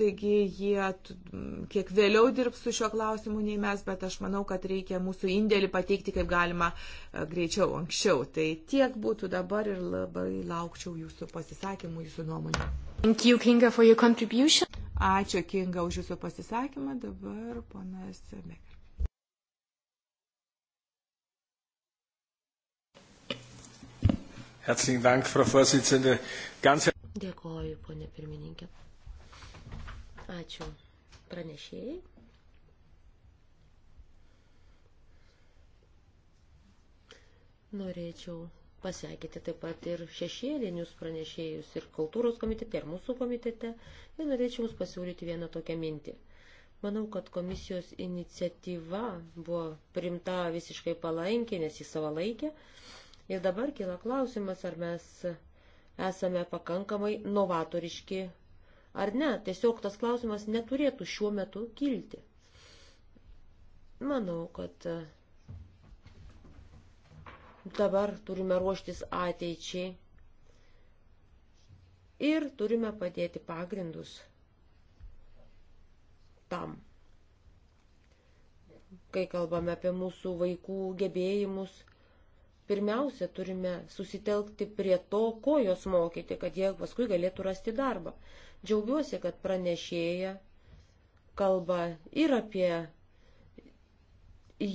Taigi jie mm, kiek vėliau dirbs su šiuo klausimu nei mes, bet aš manau, kad reikia mūsų indėlį pateikti kaip galima e, greičiau, anksčiau. Tai tiek būtų dabar ir labai laukčiau jūsų pasisakymų, jūsų nuomonių. Thank you, Kinga, for your contribution. Ačiū, Kinga, už jūsų pasisakymą. Dabar ponas Bekas. Herzlichen Dank, Frau Vorsitzende. Ganz... Dėkoju, ponė pirmininkė. Ačiū pranešėjai. Norėčiau pasveikinti taip pat ir šešėlinius pranešėjus ir kultūros komitete, ir mūsų komitete. Ir norėčiau Jums pasiūlyti vieną tokią mintį. Manau, kad komisijos iniciatyva buvo primta visiškai palankiai, nes jis savalaikė. laikė Ir dabar kyla klausimas, ar mes esame pakankamai novatoriški ar ne. Tiesiog tas klausimas neturėtų šiuo metu kilti. Manau, kad dabar turime ruoštis ateičiai ir turime padėti pagrindus tam. Kai kalbame apie mūsų vaikų gebėjimus, pirmiausia turime susitelkti prie to, ko jos mokyti, kad jie paskui galėtų rasti darbą. Džiaugiuosi, kad pranešėja kalba ir apie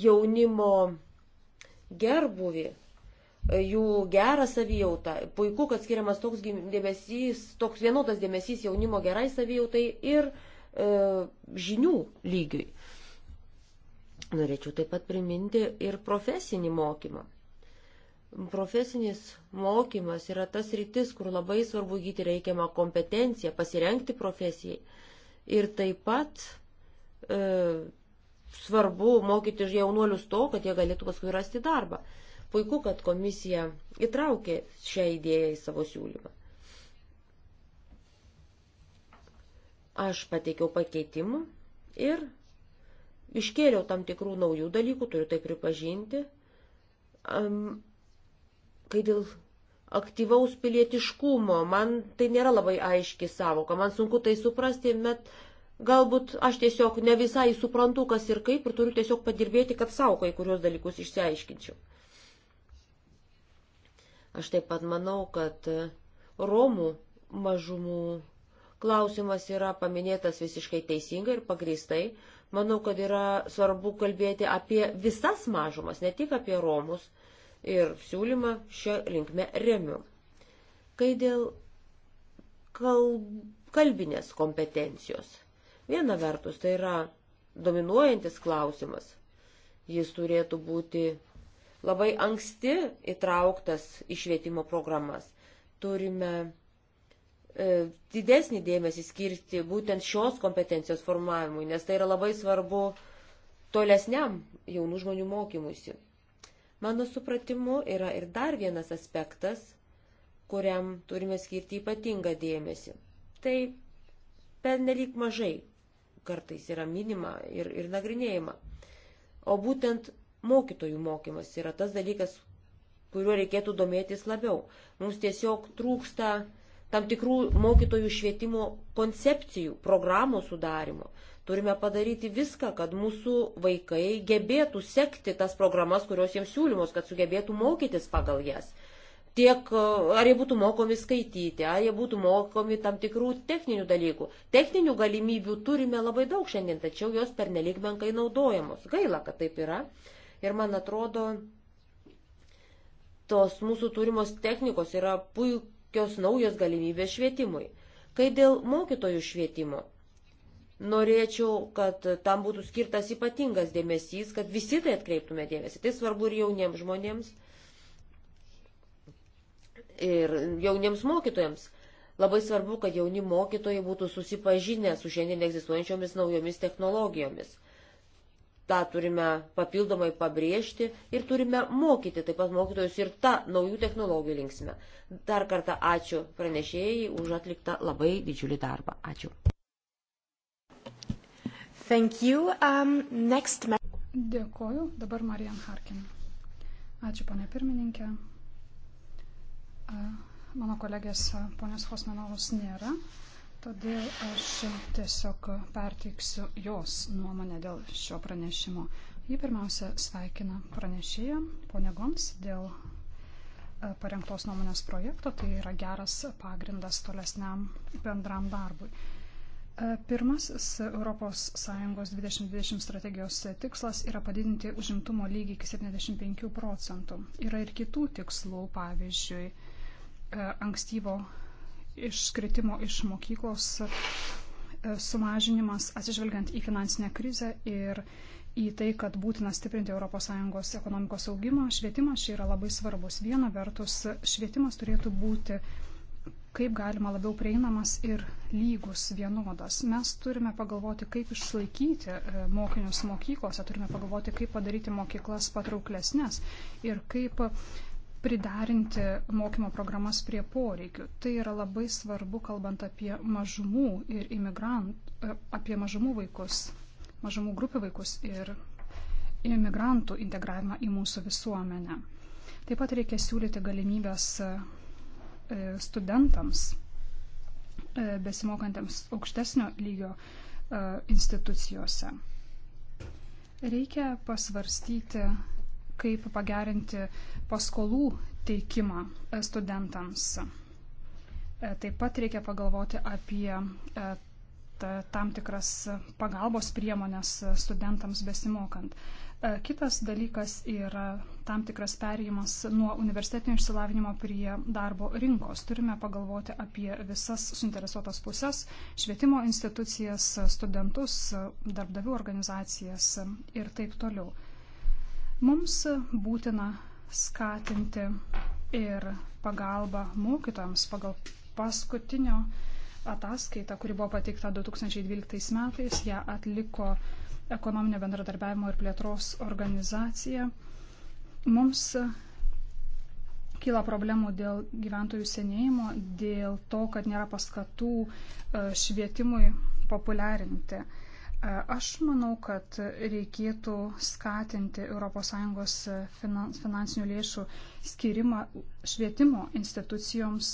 jaunimo gerbuvį, jų gerą savijautą. Puiku, kad skiriamas toks dėmesys, toks vienodas dėmesys jaunimo gerai savijautai ir e, žinių lygiui. Norėčiau taip pat priminti ir profesinį mokymą. Profesinis mokymas yra tas rytis, kur labai svarbu gyti reikiamą kompetenciją, pasirenkti profesijai. Ir taip pat e, svarbu mokyti jaunuolius to, kad jie galėtų paskui rasti darbą. Puiku, kad komisija įtraukė šią idėją į savo siūlymą. Aš pateikiau pakeitimų ir iškėliau tam tikrų naujų dalykų, turiu tai pripažinti. Um, Kai dėl aktyvaus pilietiškumo, man tai nėra labai aiški savoka, man sunku tai suprasti, bet galbūt aš tiesiog ne visai suprantu, kas ir kaip, ir turiu tiesiog padirbėti, kad savo kai kurios dalykus išsiaiškinčiau. Aš taip pat manau, kad e, Romų mažumų klausimas yra paminėtas visiškai teisingai ir pagristai. Manau, kad yra svarbu kalbėti apie visas mažumas, ne tik apie Romus, ir siūlymą šio linkme remiu. Kai dėl kalbinės kompetencijos. Viena vertus tai yra dominuojantis klausimas. Jis turėtų būti labai anksti įtrauktas į švietimo programas. Turime e, didesnį dėmesį skirti būtent šios kompetencijos formavimui, nes tai yra labai svarbu tolesniam jaunų žmonių mokymuisi. Mano supratimu yra ir dar vienas aspektas, kuriam turime skirti ypatingą dėmesį. Tai pernelyg mažai kartais yra minima ir, ir nagrinėjama. O būtent mokytojų mokymas yra tas dalykas, kuriuo reikėtų domėtis labiau. Mums tiesiog trūksta tam tikrų mokytojų švietimo koncepcijų, programų sudarimo. Turime padaryti viską, kad mūsų vaikai gebėtų sekti tas programas, kurios jiems siūlymos, kad sugebėtų mokytis pagal jas tiek ar jie būtų mokomi skaityti, ar jie būtų mokomi tam tikrų techninių dalykų. Techninių galimybių turime labai daug šiandien, tačiau jos pernelyg menkai naudojamos. Gaila, kad taip yra. Ir man atrodo, tos mūsų turimos technikos yra puikios naujos galimybės švietimui. Kai dėl mokytojų švietimo norėčiau, kad tam būtų skirtas ypatingas dėmesys, kad visi tai atkreiptume dėmesį. Tai svarbu ir jauniems žmonėms, ir jauniems mokytojams. Labai svarbu, kad jauni mokytojai būtų susipažinę su šiandien egzistuojančiomis naujomis technologijomis. Ta turime papildomai pabrėžti ir turime mokyti taip pat mokytojus ir tą naujų technologijų linksme. Dar kartą ačiū pranešėjai už atliktą labai didžiulį darbą. Ačiū. Thank you. Um, next... Dėkoju. Dabar Marian Harkin. Ačiū, ponė pirmininkė. Mano kolegės ponės Hosmanovos nėra, todėl aš tiesiog perteiksiu jos nuomonę dėl šio pranešimo. Ji pirmiausia sveikina pranešėją, ponė Goms, dėl parengtos nuomonės projekto, tai yra geras pagrindas tolesniam bendram darbui. Pirmasis ES 2020 strategijos tikslas yra padidinti užimtumo lygį iki 75 procentų. Yra ir kitų tikslų, pavyzdžiui, e, ankstyvo iškritimo iš mokyklos e, sumažinimas atsižvelgiant į finansinę krizę ir į tai, kad būtina stiprinti ES ekonomikos augimą. Švietimas čia yra labai svarbus. Viena vertus, švietimas turėtų būti kaip galima labiau prieinamas ir lygus vienodas. Mes turime pagalvoti, kaip išlaikyti e, mokinius mokyklose, turime pagalvoti, kaip padaryti mokyklas patrauklesnės ir kaip pridarinti mokymo programas prie poreikių. Tai yra labai svarbu, kalbant apie mažumų ir imigrant, e, apie mažumų vaikus, mažumų grupių vaikus ir imigrantų integravimą į mūsų visuomenę. Taip pat reikia siūlyti galimybės e, E, studentams, e, besimokantiems aukštesnio lygio e, institucijose. Reikia pasvarstyti, kaip pagerinti paskolų teikimą studentams. Taip pat reikia pagalvoti apie tam tikras pagalbos priemonės studentams besimokant. E, kitas dalykas yra tam tikras perėjimas nuo universitetinio išsilavinimo prie darbo rinkos. Turime pagalvoti apie visas suinteresuotas pusės - švietimo institucijas, studentus, darbdavių organizacijas ir taip toliau. Mums būtina skatinti ir pagalbą mokytojams pagal paskutinio ataskaitą, kuri buvo pateikta 2012 metais, ją atliko ekonominio bendradarbiavimo ir plėtros organizacija, mums kyla problemų dėl gyventojų senėjimo, dėl to, kad nėra paskatų e, švietimui populiarinti. E, aš manau, kad reikėtų skatinti ES finansinių lėšų skirimą švietimo institucijoms,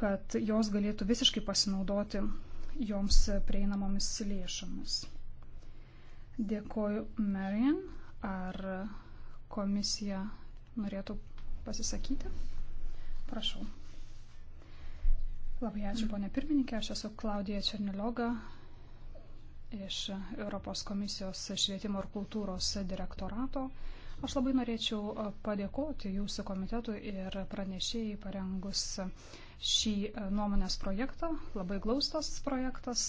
kad jos galėtų visiškai pasinaudoti joms prieinamomis lėšomis. Dėkoju, Marian. Ar komisija norėtų pasisakyti? Prašau. Labai ačiū, ponė pirmininkė. Aš esu Klaudija Černilioga iš Europos komisijos švietimo ir kultūros direktorato. Aš labai norėčiau padėkoti jūsų komitetui ir pranešėjai parengus šį nuomonės projektą. Labai glaustas projektas,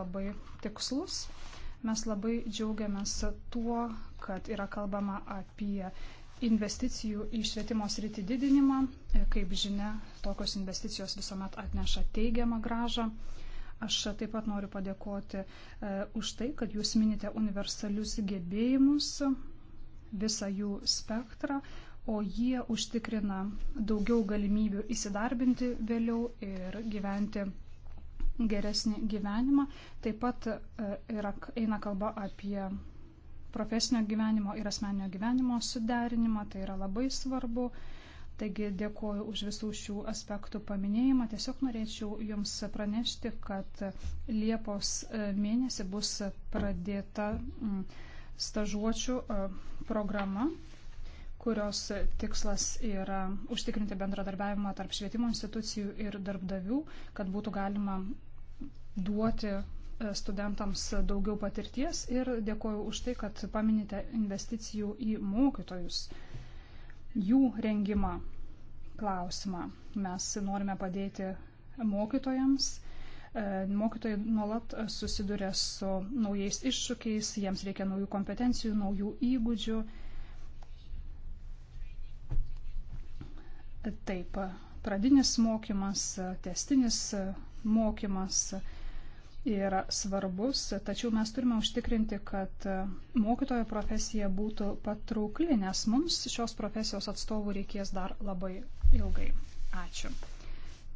labai tikslus. Mes labai džiaugiamės tuo, kad yra kalbama apie investicijų į švietimo sritį didinimą. Kaip žinia, tokios investicijos visuomet atneša teigiamą gražą. Aš taip pat noriu padėkoti e, už tai, kad jūs minite universalius gebėjimus, visą jų spektrą, o jie užtikrina daugiau galimybių įsidarbinti vėliau ir gyventi geresnį gyvenimą. Taip pat e, yra, eina kalba apie profesinio gyvenimo ir asmeninio gyvenimo suderinimą, tai yra labai svarbu. Taigi dėkuoju už visų šių aspektų paminėjimą. Tiesiog norėčiau Jums pranešti, kad Liepos e, mėnesį bus pradėta stažuočių e, programa kurios tikslas yra užtikrinti bendradarbiavimą tarp švietimo institucijų ir darbdavių, kad būtų galima duoti e, studentams daugiau patirties ir dėkoju už tai, kad paminite investicijų į mokytojus, jų rengimą klausimą. Mes norime padėti mokytojams. E, mokytojai nuolat susiduria su naujais iššūkiais, jiems reikia naujų kompetencijų, naujų įgūdžių Taip, pradinis mokymas, testinis mokymas yra svarbus, tačiau mes turime užtikrinti, kad mokytojo profesija būtų patraukli, nes mums šios profesijos atstovų reikės dar labai ilgai. Ačiū.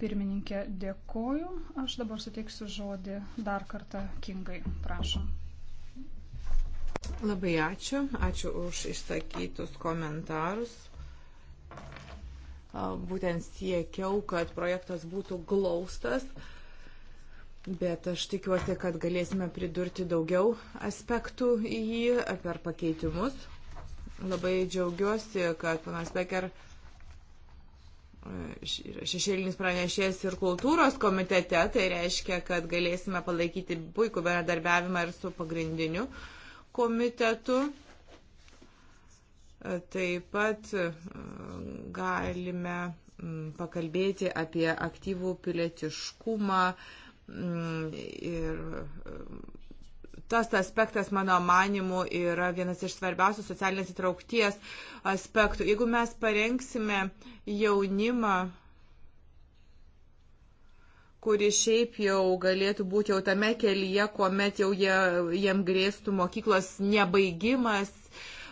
Pirmininkė, dėkoju. Aš dabar suteiksiu žodį dar kartą Kingai. Prašom. Labai ačiū. Ačiū už išsakytus komentarus būtent siekiau, kad projektas būtų glaustas, bet aš tikiuosi, kad galėsime pridurti daugiau aspektų į jį per pakeitimus. Labai džiaugiuosi, kad panas Becker e, šešėlinis pranešėjas ir kultūros komitete, tai reiškia, kad galėsime palaikyti puikų bendradarbiavimą ir su pagrindiniu komitetu. Taip pat e, galime pakalbėti apie aktyvų pilietiškumą ir e, tas aspektas, mano manimu, yra vienas iš svarbiausių socialinės įtraukties aspektų. Jeigu mes parengsime jaunimą, kuris šiaip jau galėtų būti jau tame kelyje, kuomet jau jie, jiem grėstų mokyklos nebaigimas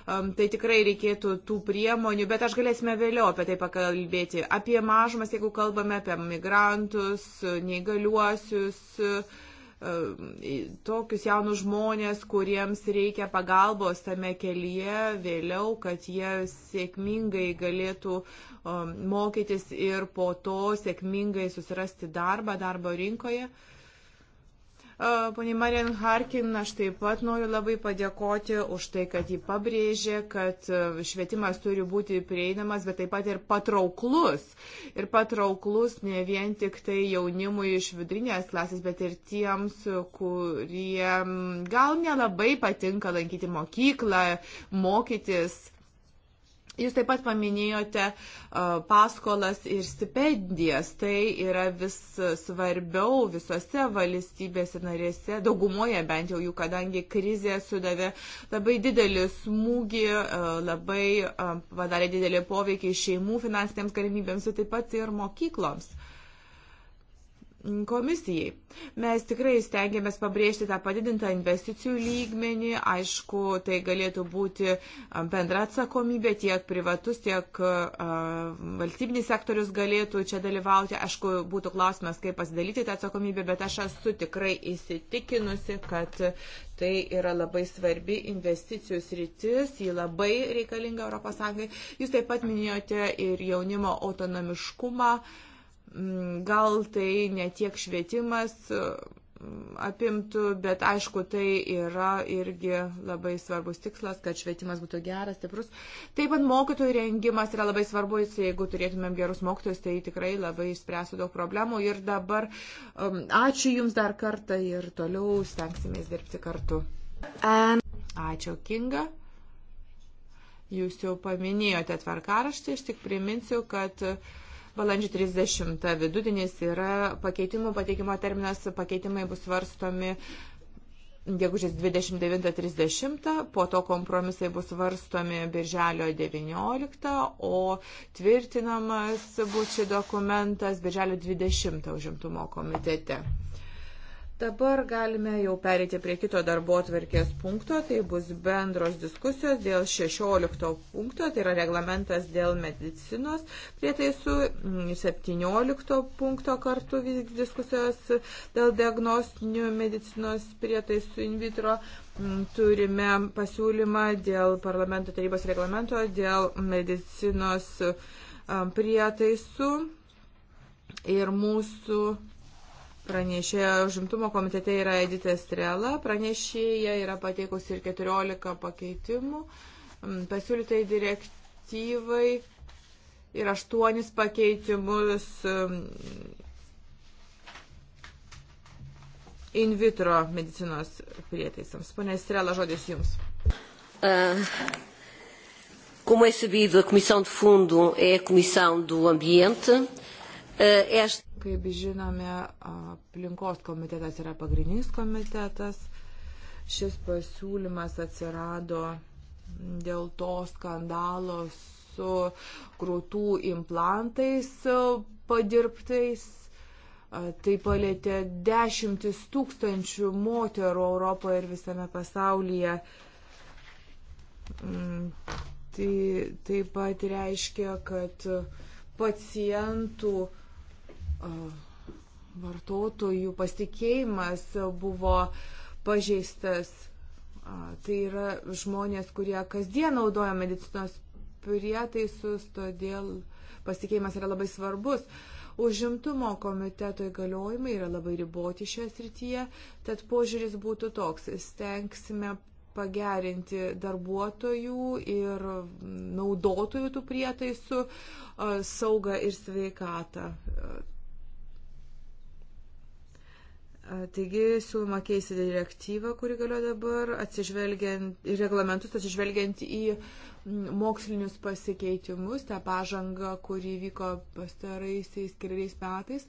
tai tikrai reikėtų tų priemonių, bet aš galėsime vėliau apie tai pakalbėti. Apie mažumas, jeigu kalbame apie migrantus, neįgaliuosius, tokius jaunus žmonės, kuriems reikia pagalbos tame kelyje vėliau, kad jie sėkmingai galėtų mokytis ir po to sėkmingai susirasti darbą darbo rinkoje. Pone Marian Harkin, aš taip pat noriu labai padėkoti už tai, kad jį pabrėžė, kad e, švietimas turi būti prieinamas, bet taip pat ir patrauklus. Ir patrauklus ne vien tik tai jaunimui iš vidurinės klasės, bet ir tiems, kurie gal nelabai patinka lankyti mokyklą, mokytis Jūs taip pat paminėjote paskolas ir stipendijas. Tai yra vis svarbiau visose valstybėse narėse, daugumoje bent jau jų, kadangi krizė sudavė labai didelį smūgį, labai padarė didelį poveikį šeimų finansinėms galimybėms ir taip pat ir mokykloms komisijai. Mes tikrai stengiamės pabrėžti tą padidintą investicijų lygmenį. Aišku, tai galėtų būti bendra atsakomybė, tiek privatus, tiek uh, valstybinis sektorius galėtų čia dalyvauti. Aišku, būtų klausimas, kaip pasidalyti tą atsakomybę, bet aš esu tikrai įsitikinusi, kad tai yra labai svarbi investicijų sritis, ji labai reikalinga ES. Jūs taip pat minėjote ir jaunimo autonomiškumą. Uh, Mm, gal tai ne tiek švietimas mm, apimtų, bet aišku, tai yra irgi labai svarbus tikslas, kad švietimas būtų geras, stiprus. Taip pat mokytojų rengimas yra labai svarbus, jeigu turėtumėm gerus mokytojus, tai tikrai labai išspręsų daug problemų. Ir dabar um, ačiū Jums dar kartą ir toliau stengsimės dirbti kartu. Ačiū, Kinga. Jūs jau paminėjote tvarkaraštį, aš tik priminsiu, kad uh, Balandžio 30 vidutinis yra pakeitimų pateikimo terminas, pakeitimai bus svarstomi gegužės 29-30, po to kompromisai bus svarstomi birželio 19, o tvirtinamas bus šį dokumentas birželio 20 užimtumo komitete. Dabar galime jau pereiti prie kito darbo atverkės punkto, tai bus bendros diskusijos dėl 16 punkto, tai yra reglamentas dėl medicinos prietaisų, 17 mm, punkto kartu vyks diskusijos dėl diagnostinių medicinos prietaisų in vitro, mm, turime pasiūlymą dėl parlamento tarybos reglamento, dėl medicinos prietaisų ir mūsų Pranešėja žimtumo komitete yra Edita Strela, pranešėja yra pateikusi ir 14 pakeitimų, mm, pasiūlytai direktyvai ir 8 pakeitimus mm, in vitro medicinos prietaisams. Pane Strela, žodis jums. Uh. Como é sabido, a Comissão de Fundo é a Comissão do Ambiente. Uh, E, aš... Kaip žinome, aplinkos komitetas yra pagrindinis komitetas. Šis pasiūlymas atsirado dėl to skandalo su krūtų implantais padirbtais. Tai palėtė dešimtis tūkstančių moterų Europoje ir visame pasaulyje. Mm, tai taip pat reiškia, kad pacientų uh, vartotojų pasitikėjimas buvo pažeistas. Tai yra žmonės, kurie kasdien naudoja medicinos prietaisus, todėl pasitikėjimas yra labai svarbus. Užimtumo komiteto įgaliojimai yra labai riboti šioje srityje, tad požiūris būtų toks. Stengsime pagerinti darbuotojų ir naudotojų tų prietaisų saugą ir sveikatą. Taigi siūloma keisti direktyvą, kuri galioja dabar, atsižvelgiant ir reglamentus, atsižvelgiant į mokslinius pasikeitimus, tą pažangą, kuri vyko pastaraisiais keliais metais.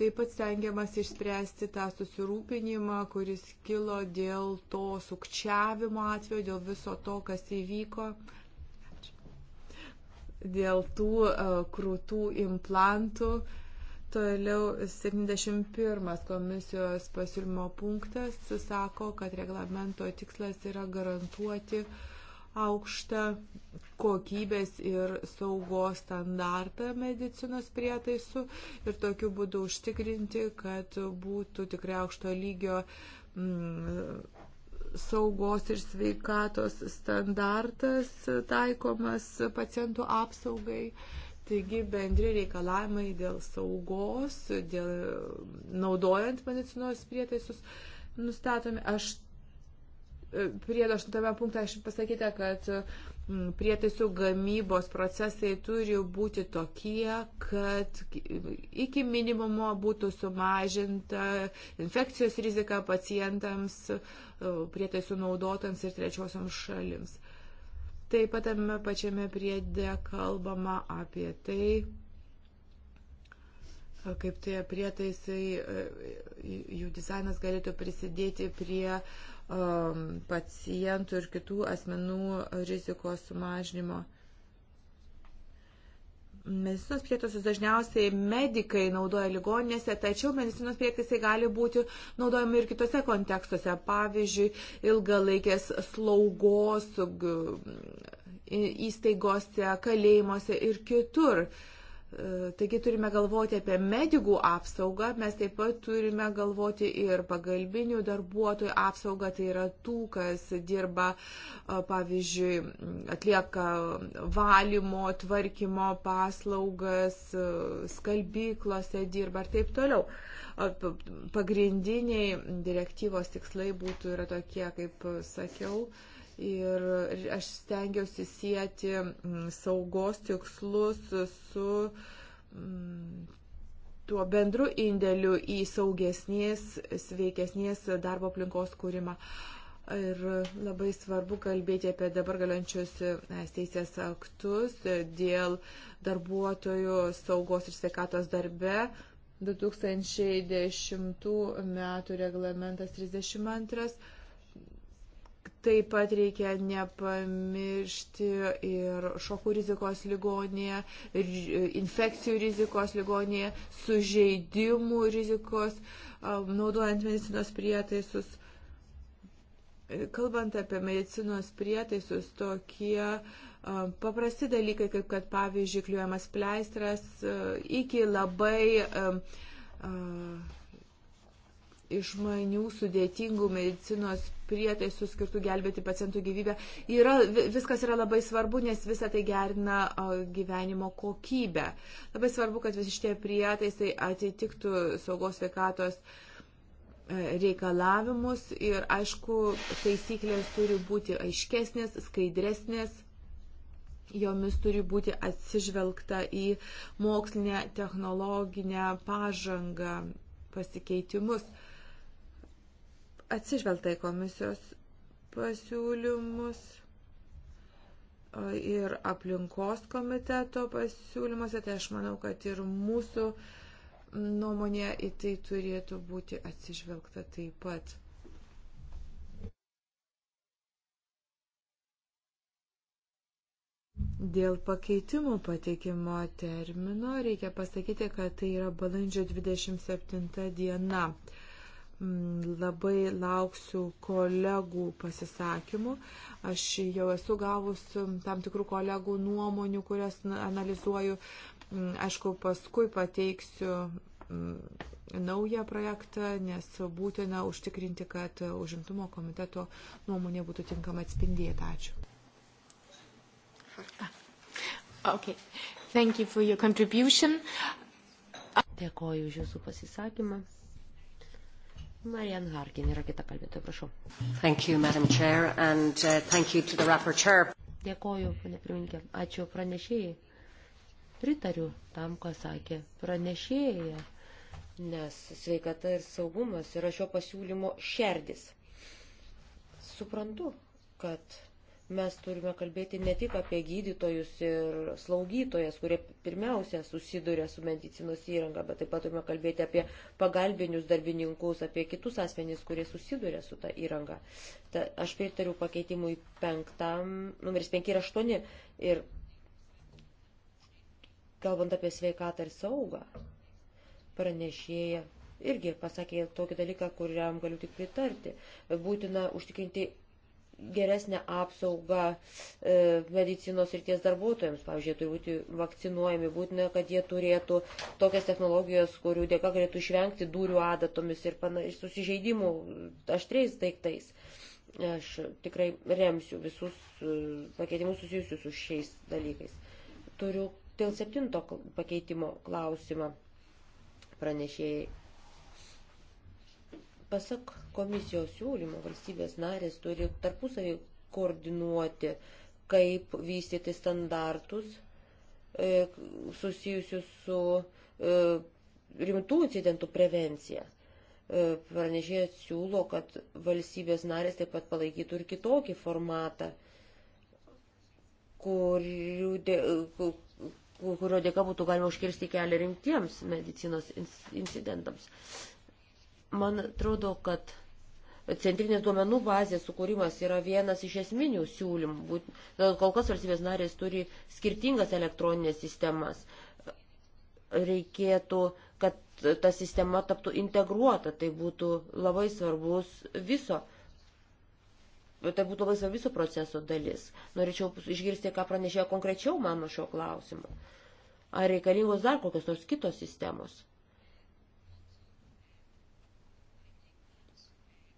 Taip pat stengiamas išspręsti tą susirūpinimą, kuris kilo dėl to sukčiavimo atveju, dėl viso to, kas įvyko, dėl tų uh, krūtų implantų. Uh, Toliau 71 komisijos pasiūlymo punktas sako, kad reglamento tikslas yra garantuoti aukštą kokybės ir saugos standartą medicinos prietaisų ir tokiu būdu užtikrinti, kad būtų tikrai aukšto lygio mm, saugos ir sveikatos standartas taikomas pacientų apsaugai. Mm, Taigi bendri reikalavimai dėl saugos, dėl naudojant medicinos prietaisus nustatomi. Aš e, priedo aštuntame punkte aš pasakyta, kad prietaisų gamybos procesai turi būti tokie, kad iki minimumo būtų sumažinta infekcijos rizika pacientams, e, prietaisų naudotams ir trečiosiams šalims. Taip pat tame pačiame priedė kalbama apie tai, kaip tie prietaisai, e, jų dizainas galėtų prisidėti prie um, pacientų ir kitų asmenų rizikos sumažinimo. Medicinos prietaisus dažniausiai medikai naudoja ligoninėse, tačiau medicinos prietaisai gali būti naudojami ir kitose kontekstuose. Pavyzdžiui, ilgalaikės slaugos įstaigose, kalėjimuose ir kitur. Uh, Taigi turime galvoti apie medikų apsaugą, mes taip pat turime galvoti ir pagalbinių darbuotojų apsaugą, tai yra tų, kas dirba, pavyzdžiui, atlieka valymo, tvarkymo paslaugas, skalbyklose dirba ir taip toliau. Pagrindiniai direktyvos tikslai būtų yra tokie, kaip sakiau Ir aš stengiausi sieti mm, saugos tikslus su mm, tuo bendru indėliu į saugesnės, sveikesnės darbo aplinkos kūrimą. Ir labai svarbu kalbėti apie dabar galiančius e, teisės aktus dėl darbuotojų saugos ir sveikatos darbe. 2010 m. reglamentas 32 Taip pat reikia nepamiršti ir šokų rizikos ligonėje, infekcijų rizikos ligonėje, sužeidimų rizikos, um, naudojant medicinos prietaisus. Kalbant apie medicinos prietaisus, tokie um, paprasti dalykai, kaip kad pavyzdžiui kliuojamas pleistras, uh, iki labai um, uh, uh, išmanių, sudėtingų medicinos prietaisų skirtų gelbėti pacientų gyvybę. Yra, viskas yra labai svarbu, nes visa tai gerina gyvenimo kokybę. Labai svarbu, kad visi šitie prietaisai atitiktų saugos sveikatos e, reikalavimus ir, aišku, taisyklės turi būti aiškesnės, skaidresnės jomis turi būti atsižvelgta į mokslinę, technologinę pažangą, pasikeitimus atsižvelgta į komisijos pasiūlymus ir aplinkos komiteto pasiūlymuose, tai aš manau, kad ir mūsų nuomonė į tai turėtų būti atsižvelgta taip pat. Dėl pakeitimų pateikimo termino reikia pasakyti, kad tai yra balandžio 27 diena. Mm, labai lauksiu kolegų pasisakymų. Aš jau esu gavus tam tikrų kolegų nuomonių, kurias analizuoju. Mm, aišku, paskui pateiksiu mm, naują projektą, nes būtina užtikrinti, kad užimtumo komiteto nuomonė būtų tinkama atspindėta. Ačiū. Ah, okay. Thank you for your contribution. Dėkoju už Jūsų pasisakymą. Marian Harkin yra kita kalbėtoja, prašau. Thank you, Madam Chair, and uh, thank you to the Rapporteur. Dėkoju, ponė pirmininkė. Ačiū pranešėjai. Pritariu tam, ką sakė pranešėja, nes sveikata ir saugumas yra šio pasiūlymo šerdis. Suprantu, kad mes turime kalbėti ne tik apie gydytojus ir slaugytojas, kurie pirmiausia susiduria su medicinos įranga, bet taip pat turime kalbėti apie pagalbinius darbininkus, apie kitus asmenys, kurie susiduria su ta įranga. Ta, aš pritariu pakeitimui penktam, numeris penki ir aštuoni. Ir kalbant apie sveikatą ir saugą, pranešėja irgi pasakė tokį dalyką, kuriam galiu tik pritarti. Būtina užtikrinti geresnę apsaugą e, medicinos ir ties darbuotojams. Pavyzdžiui, turi būti vakcinuojami, būtina, kad jie turėtų tokias technologijas, kurių dėka galėtų išvengti dūrių adatomis ir panašiai susižeidimų aštriais daiktais. Aš tikrai remsiu visus e, pakeitimus susijusius su šiais dalykais. Turiu dėl septinto pakeitimo klausimą pranešėjai Pasak komisijos siūlymo, valstybės narės turi tarpusavį koordinuoti, kaip vystyti standartus e, susijusius su e, rimtų incidentų prevencija. E, pranešėjas siūlo, kad valstybės narės taip pat palaikytų ir kitokį formatą, kurių, de, kurio dėka būtų galima užkirsti kelią rimtiems medicinos incidentams. Man atrodo, kad centrinės duomenų bazės sukūrimas yra vienas iš esminių siūlymų. Kol kas valstybės narės turi skirtingas elektroninės sistemas. Reikėtų, kad ta sistema taptų integruota, tai būtų labai svarbus viso. Tai būtų labai svarbi viso proceso dalis. Norėčiau išgirsti, ką pranešėjo konkrečiau mano šio klausimu. Ar reikalingos dar kokios nors kitos sistemos?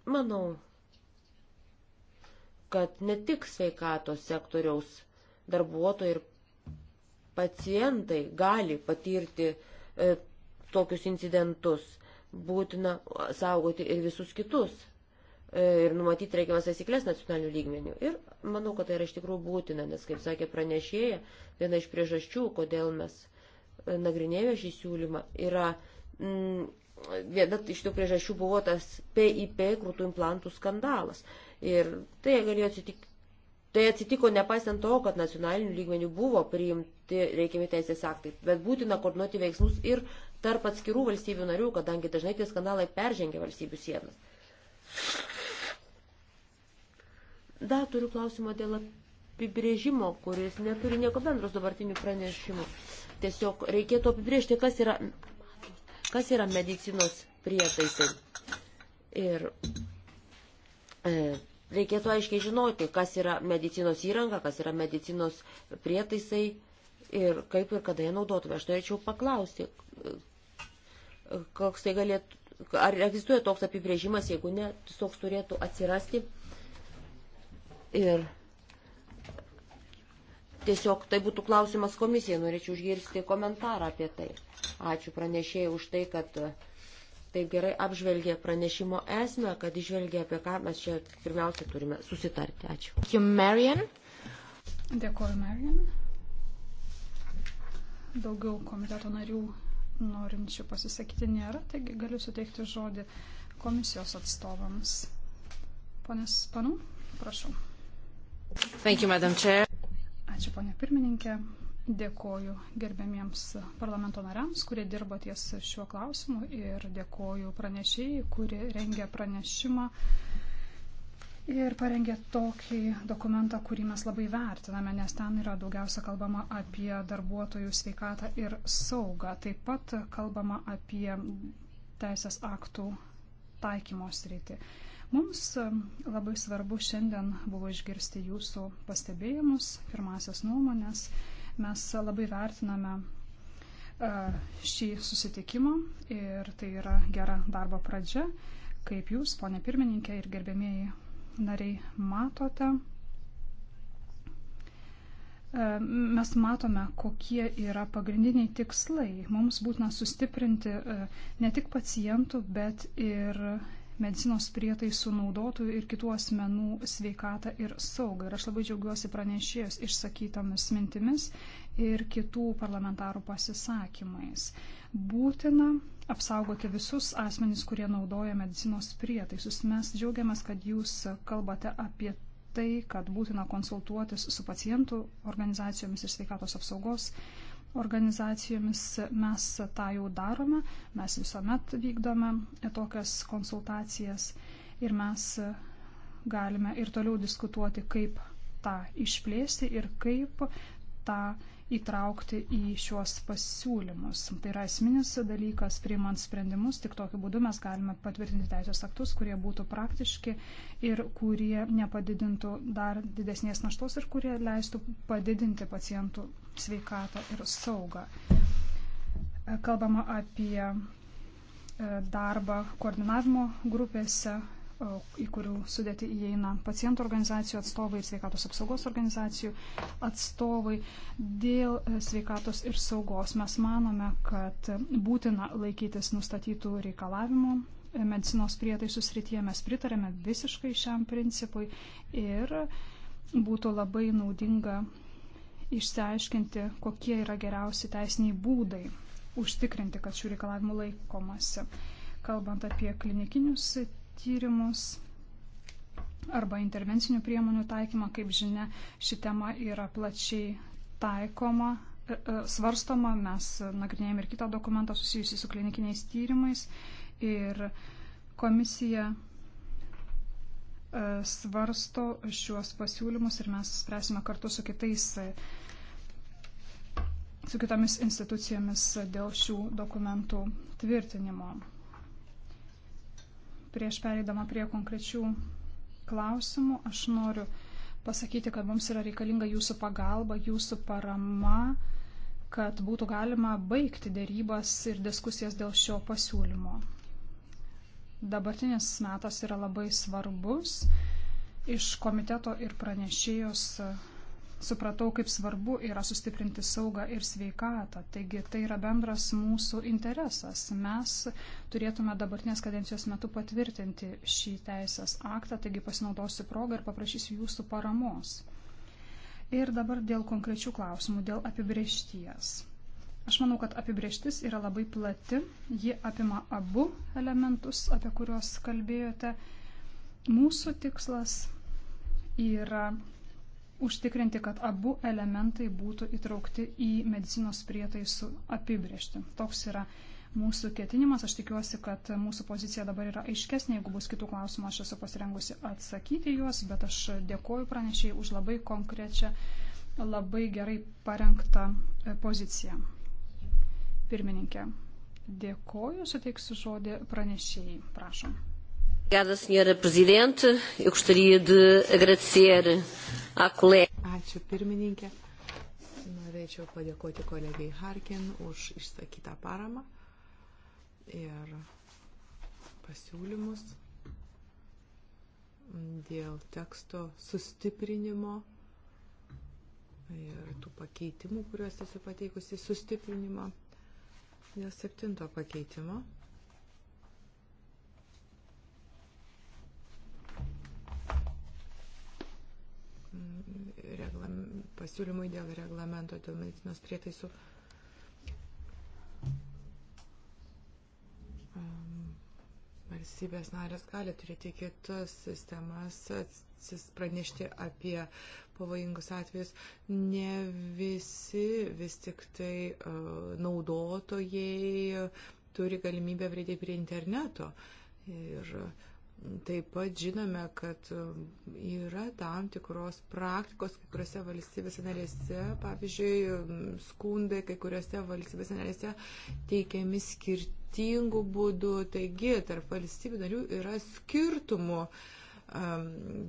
Manau, kad ne tik sveikatos sektoriaus darbuotojai ir pacientai gali patirti e, tokius incidentus, būtina saugoti ir visus kitus e, ir numatyti reikiamas taisyklės nacionalinių lygmenių. Ir manau, kad tai yra iš tikrųjų būtina, nes, kaip sakė pranešėja, viena iš priežasčių, kodėl mes e, nagrinėjome šį siūlymą, yra m, mm, viena iš tų priežasčių buvo tas PIP krūtų implantų skandalas. Ir tai galėjo atsitikti. Tai atsitiko nepaisant to, kad nacionaliniu lygmeniu buvo priimti reikiami teisės aktai, bet būtina koordinuoti veiksmus ir tarp atskirų valstybių narių, kadangi dažnai tie skandalai peržengia valstybių sienas. Dar turiu klausimą dėl apibrėžimo, kuris neturi nieko bendro su dabartiniu pranešimu. Tiesiog reikėtų apibrėžti, kas yra kas yra medicinos prietaisai. Ir e, reikėtų aiškiai žinoti, kas yra medicinos įranga, kas yra medicinos prietaisai ir kaip ir kada jie naudotume. Aš norėčiau paklausti, koks tai galėtų, ar egzistuoja toks apibrėžimas, jeigu ne, toks turėtų atsirasti. Ir Tiesiog tai būtų klausimas komisijai, norėčiau užgirsti komentarą apie tai. Ačiū pranešėjai už tai, kad e, taip gerai apžvelgė pranešimo esmę, kad išvelgė apie ką mes čia pirmiausia turime susitarti. Ačiū. Dėkuoju, Marian. Dėkuoju, Marian. Daugiau komiteto narių norinčių pasisakyti nėra, taigi galiu suteikti žodį komisijos atstovams. Ponas Panu, prašau. Thank you, Madam Chair. Ačiū, ponė pirmininkė. Dėkoju gerbėmiems parlamento nariams, kurie dirba ties šiuo klausimu ir dėkoju pranešėjai, kuri rengia pranešimą ir parengė tokį dokumentą, kurį mes labai vertiname, nes ten yra daugiausia kalbama apie darbuotojų sveikatą ir saugą. Taip pat kalbama apie teisės aktų taikymos rytį. Mums labai svarbu šiandien buvo išgirsti jūsų pastebėjimus, pirmasias nuomonės. Mes labai vertiname e, šį susitikimą ir tai yra gera darbo pradžia. Kaip jūs, ponė pirmininkė ir gerbėmieji nariai, matote, e, mes matome, kokie yra pagrindiniai tikslai. Mums būtina sustiprinti e, ne tik pacientų, bet ir medicinos prietaisų naudotojų ir kitų asmenų sveikatą ir saugą. Ir aš labai džiaugiuosi pranešėjos išsakytomis mintimis ir kitų parlamentarų pasisakymais. Būtina apsaugoti visus asmenys, kurie naudoja medicinos prietaisus. Mes džiaugiamės, kad jūs kalbate apie tai, kad būtina konsultuotis su pacientų organizacijomis ir sveikatos apsaugos organizacijomis mes tą jau darome, mes visuomet vykdome tokias konsultacijas ir mes galime ir toliau diskutuoti, kaip tą išplėsti ir kaip tą įtraukti į šiuos pasiūlymus. Tai yra esminis dalykas, priimant sprendimus, tik tokiu būdu mes galime patvirtinti teisės aktus, kurie būtų praktiški ir kurie nepadidintų dar didesnės naštos ir kurie leistų padidinti pacientų sveikatą ir saugą. Kalbama apie e, darbą koordinavimo grupėse, į kurių sudėti įeina pacientų organizacijų atstovai ir sveikatos apsaugos organizacijų atstovai. Dėl e, sveikatos ir saugos mes manome, kad būtina laikytis nustatytų reikalavimų. E, medicinos prietaisų srityje mes pritarėme visiškai šiam principui ir būtų labai naudinga išsiaiškinti, kokie yra geriausi teisiniai būdai užtikrinti, kad šių reikalavimų laikomasi. Kalbant apie klinikinius tyrimus arba intervencinių priemonių taikymą, kaip žinia, ši tema yra plačiai taikoma, e, e, svarstoma, mes nagrinėjame ir kitą dokumentą susijusi su klinikiniais tyrimais ir komisija E, svarsto šiuos pasiūlymus ir mes spręsime kartu su kitais e, su kitomis institucijomis dėl šių dokumentų tvirtinimo. Prieš pereidama prie konkrečių klausimų, aš noriu pasakyti, kad mums yra reikalinga jūsų pagalba, jūsų parama, kad būtų galima baigti dėrybas ir diskusijas dėl šio pasiūlymo dabartinis metas yra labai svarbus. Iš komiteto ir pranešėjos e, supratau, kaip svarbu yra sustiprinti saugą ir sveikatą. Taigi tai yra bendras mūsų interesas. Mes turėtume dabartinės kadencijos metu patvirtinti šį teisės aktą, taigi pasinaudosiu progą ir paprašysiu jūsų paramos. Ir dabar dėl konkrečių klausimų, dėl apibriešties. Aš manau, kad apibrieštis yra labai plati, ji apima abu elementus, apie kuriuos kalbėjote. Mūsų tikslas yra užtikrinti, kad abu elementai būtų įtraukti į medicinos prietaisų apibriešti. Toks yra mūsų ketinimas. Aš tikiuosi, kad mūsų pozicija dabar yra aiškesnė. Jeigu bus kitų klausimų, aš esu pasirengusi atsakyti juos, bet aš dėkoju pranešėjai už labai konkrečią, labai gerai parengtą poziciją. Pirmininkė, dėkoju, suteiksiu žodį pranešėjai. Prašom. Obrigada, senhora Presidente. Eu gostaria de agradecer à colega. Ačiū, pirmininkė. Norėčiau padėkoti kolegai Harkin už išsakytą paramą ir pasiūlymus dėl teksto sustiprinimo ir tų pakeitimų, kuriuos esu pateikusi, sustiprinimą. Dėl septinto pakeitimo. Reglam, pasiūlymui dėl reglamento dėl medicinos prietaisų. Ehm, valstybės narės gali turėti kitas sistemas pranešti apie pavojingus atvejus. Ne visi vis tik tai e, naudotojai e, turi galimybę prieiti prie interneto. Ir e, taip pat žinome, kad yra tam tikros praktikos kai kuriuose valstybėse narėse, pavyzdžiui, skundai kai kuriuose valstybėse narėse teikiami skirtingų būdų, taigi tarp valstybių narių yra skirtumų. Uh,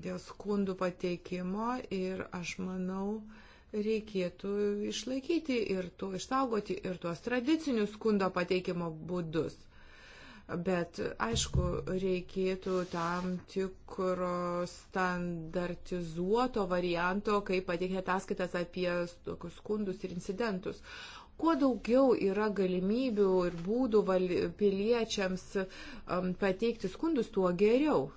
dėl skundų pateikimo ir aš manau, reikėtų išlaikyti ir to, išsaugoti ir tuos tradicinius skundo pateikimo būdus. Bet aišku, reikėtų tam tikro standartizuoto varianto, kaip pateikti ataskaitas apie tokius skundus ir incidentus. Kuo daugiau yra galimybių ir būdų piliečiams um, pateikti skundus, tuo geriau.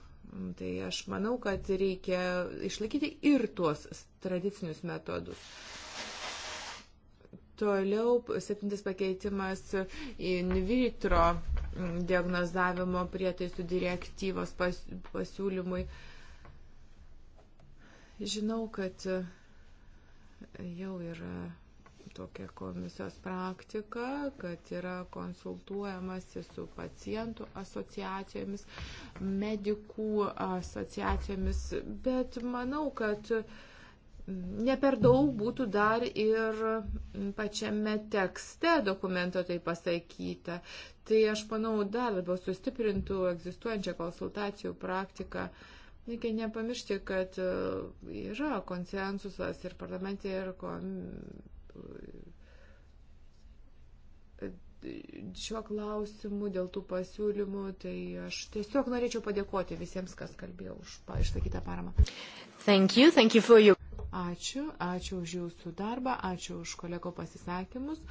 Tai aš manau, kad reikia išlaikyti ir tuos tradicinius metodus. Toliau septintas pakeitimas in vitro diagnozavimo prietaisų direktyvos pas, pasiūlymui. Žinau, kad jau yra tokią komisijos praktiką, kad yra konsultuojamasi su pacientų asociacijomis, medikų asociacijomis, bet manau, kad ne per daug būtų dar ir pačiame tekste dokumento tai pasakyta. Tai aš manau dar labiau sustiprintų egzistuojančią konsultacijų praktiką. Reikia nepamiršti, kad yra konsensusas ir parlamente, ir šiuo klausimu, dėl tų pasiūlymų, tai aš tiesiog norėčiau padėkoti visiems, kas kalbėjo už išsakytą paramą. Thank you, thank you for you. Ačiū, ačiū už jūsų darbą, ačiū už kolego pasisakymus.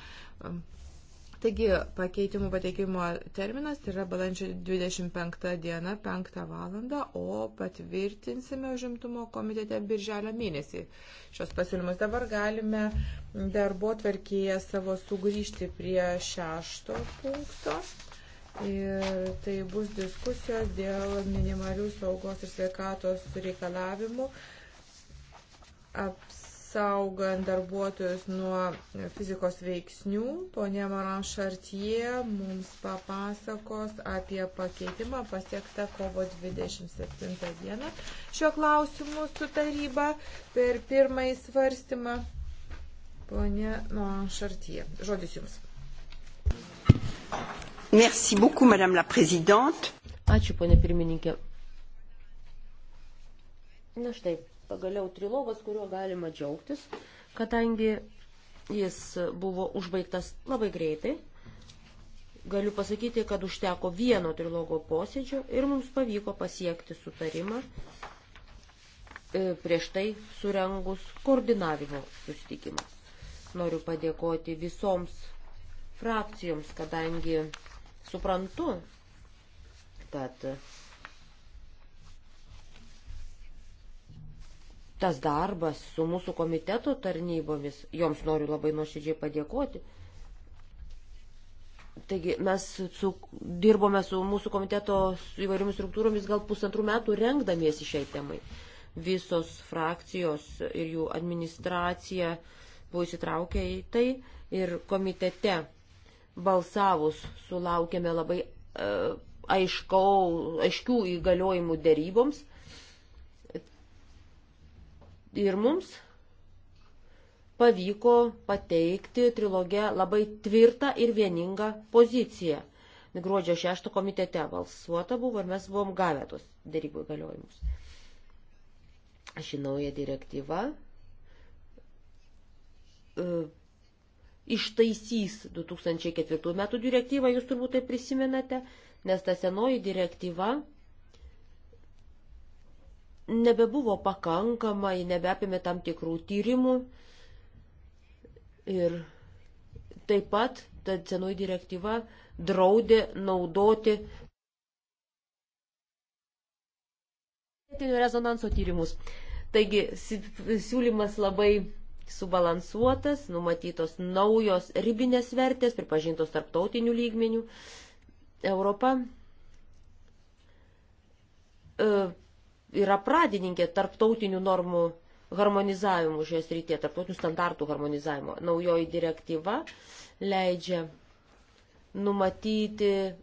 Taigi pakeitimų pateikimo terminas tai yra balandžio 25 diena, 5 valandą, o patvirtinsime užimtumo komitete birželio mėnesį. Šios pasiūlymus dabar galime darbo tvarkėje savo sugrįžti prie šešto punkto. Ir tai bus diskusijos dėl minimalių saugos ir sveikatos reikalavimų aps apsaugant darbuotojus nuo fizikos veiksnių. Pone Maran Šartie mums papasakos apie pakeitimą pasiektą kovo 27 dieną šio klausimu su taryba per pirmąjį svarstymą. Pone Maran Šartie, žodis Jums. Merci beaucoup, Madame la Présidente. Ačiū, ponė pirmininkė. Na štai, pagaliau trilogas, kuriuo galima džiaugtis, kadangi jis buvo užbaigtas labai greitai. Galiu pasakyti, kad užteko vieno trilogo posėdžio ir mums pavyko pasiekti sutarimą e, prieš tai surengus koordinavimo susitikimą. Noriu padėkoti visoms frakcijoms, kadangi suprantu, kad tas darbas su mūsų komiteto tarnybomis, joms noriu labai nuoširdžiai padėkoti. Taigi mes su, dirbome su mūsų komiteto su įvairiomis struktūromis gal pusantrų metų rengdamiesi šiai temai. Visos frakcijos ir jų administracija buvo įsitraukę į tai ir komitete balsavus sulaukėme labai e, aiškau, aiškių įgaliojimų deryboms Ir mums pavyko pateikti trilogę labai tvirtą ir vieningą poziciją. Gruodžio 6 komitete balsuota buvo ir mes buvom gavę tos dėrybų įgaliojimus. Ši nauja direktyva e, ištaisys 2004 metų direktyvą, jūs turbūt tai prisimenate, nes ta senoji direktyva nebebuvo pakankama, ji nebeapėmė tam tikrų tyrimų. Ir taip pat ta senoji direktyva draudė naudoti rezonanso tyrimus. Taigi siūlymas labai subalansuotas, numatytos naujos ribinės vertės, pripažintos tarptautinių lygmenių. Europa e, yra pradininkė tarptautinių normų harmonizavimų šioje srityje, tarptautinių standartų harmonizavimo. Naujoji direktyva leidžia numatyti e,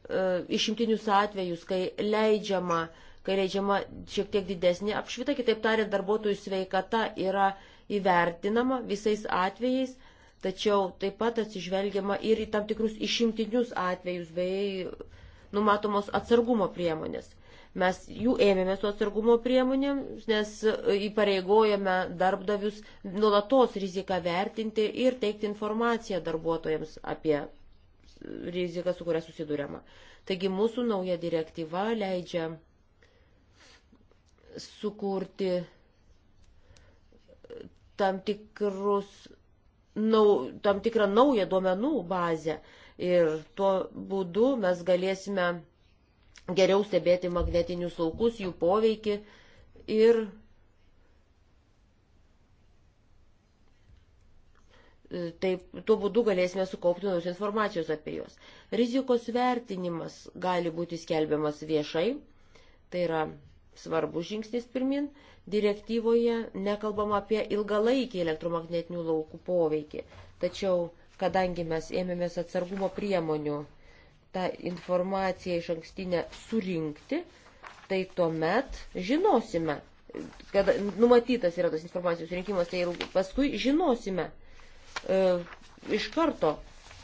išimtinius atvejus, kai leidžiama, kai leidžiama šiek tiek didesnė apšvita, kitaip tariant, darbuotojų sveikata yra įvertinama visais atvejais, tačiau taip pat atsižvelgiama ir į tam tikrus išimtinius atvejus bei numatomos atsargumo priemonės. Mes jų ėmėmės tų atsargumo priemonėm, nes e, įpareigojame darbdavius nuolatos riziką vertinti ir teikti informaciją darbuotojams apie riziką, su kuria susidurėma. Taigi mūsų nauja direktyva leidžia sukurti e, tam, tikrus, nau, tam tikrą naują duomenų bazę ir tuo būdu mes galėsime geriau stebėti magnetinius laukus, jų poveikį ir Taip, tuo būdu galėsime sukaupti naujos informacijos apie juos. Rizikos vertinimas gali būti skelbiamas viešai, tai yra svarbus žingsnis pirmin. Direktyvoje nekalbama apie ilgalaikį elektromagnetinių laukų poveikį, tačiau kadangi mes ėmėmės atsargumo priemonių tą informaciją iš ankstinę surinkti, tai tuomet žinosime, kad numatytas yra tas informacijos rinkimas, tai paskui žinosime e, iš karto,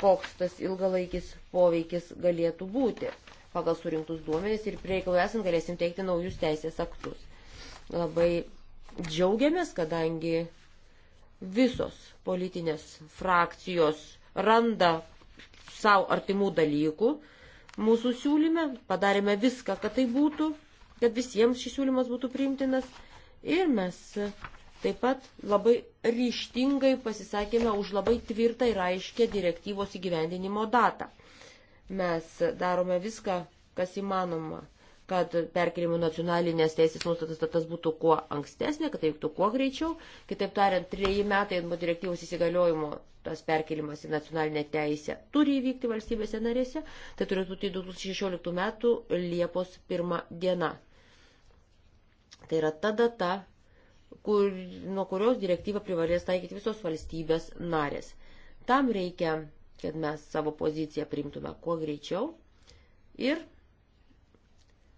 koks tas ilgalaikis poveikis galėtų būti pagal surinktus duomenis ir prieikalų esant galėsim teikti naujus teisės aktus. Labai džiaugiamės, kadangi visos politinės frakcijos randa savo artimų dalykų mūsų siūlyme, padarėme viską, kad tai būtų, kad visiems šis siūlymas būtų priimtinas ir mes taip pat labai ryštingai pasisakėme už labai tvirtą ir aiškę direktyvos įgyvendinimo datą. Mes darome viską, kas įmanoma kad perkelimų nacionalinės teisės nuostatas tas būtų kuo ankstesnė, kad tai vyktų kuo greičiau. Kitaip tariant, treji metai nuo direktyvos įsigaliojimo tas perkelimas į nacionalinę teisę turi įvykti valstybėse narėse, tai turėtų būti 2016 metų Liepos 1 diena. Tai yra ta data, kur, nuo kurios direktyvą privalės taikyti visos valstybės narės. Tam reikia, kad mes savo poziciją priimtume kuo greičiau ir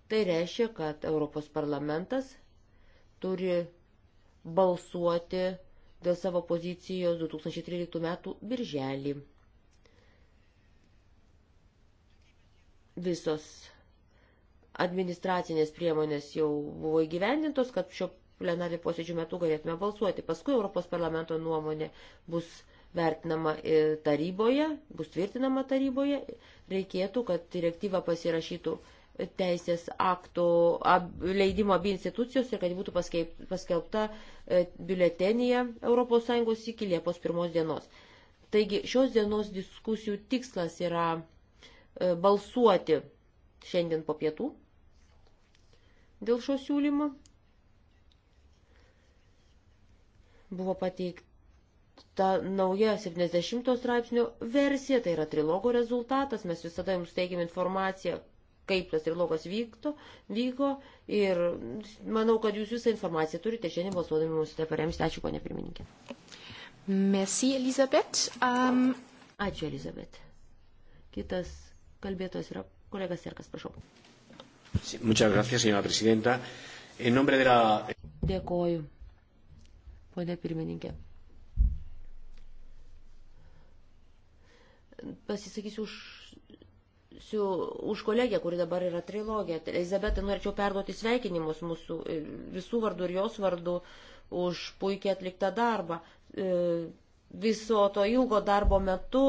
Tai reiškia, kad Europos parlamentas turi balsuoti dėl savo pozicijos 2013 metų birželį. Visos administracinės priemonės jau buvo įgyvendintos, kad šio plenarį posėdžių metu galėtume balsuoti. Paskui Europos parlamento nuomonė bus vertinama taryboje, bus tvirtinama taryboje. Reikėtų, kad direktyva pasirašytų teisės aktų leidimo abi institucijos ir kad būtų paskelbta e, biuletenyje ES iki Liepos pirmos dienos. Taigi šios dienos diskusijų tikslas yra e, balsuoti šiandien po pietų dėl šio siūlymo. Buvo pateikta nauja 70 straipsnio versija, tai yra trilogo rezultatas, mes visada jums teigiam informaciją, kaip tas trilogas vykto, vyko ir manau, kad jūs visą informaciją turite šiandien balsuodami mūsų paremsti. Ačiū, ponė pirmininkė. Merci, Elizabet. Um... Ačiū, Elizabet. Kitas kalbėtojas yra kolega Serkas, prašau. Sí, muchas gracias, señora presidenta. En nombre de la... Dėkoju, ponė pirmininkė. Pasisakysiu už Siu, už kolegę, kuri dabar yra trilogija. Tai Elizabetą norėčiau perduoti sveikinimus mūsų e, visų vardų ir jos vardų už puikiai atliktą darbą. E, viso to ilgo darbo metu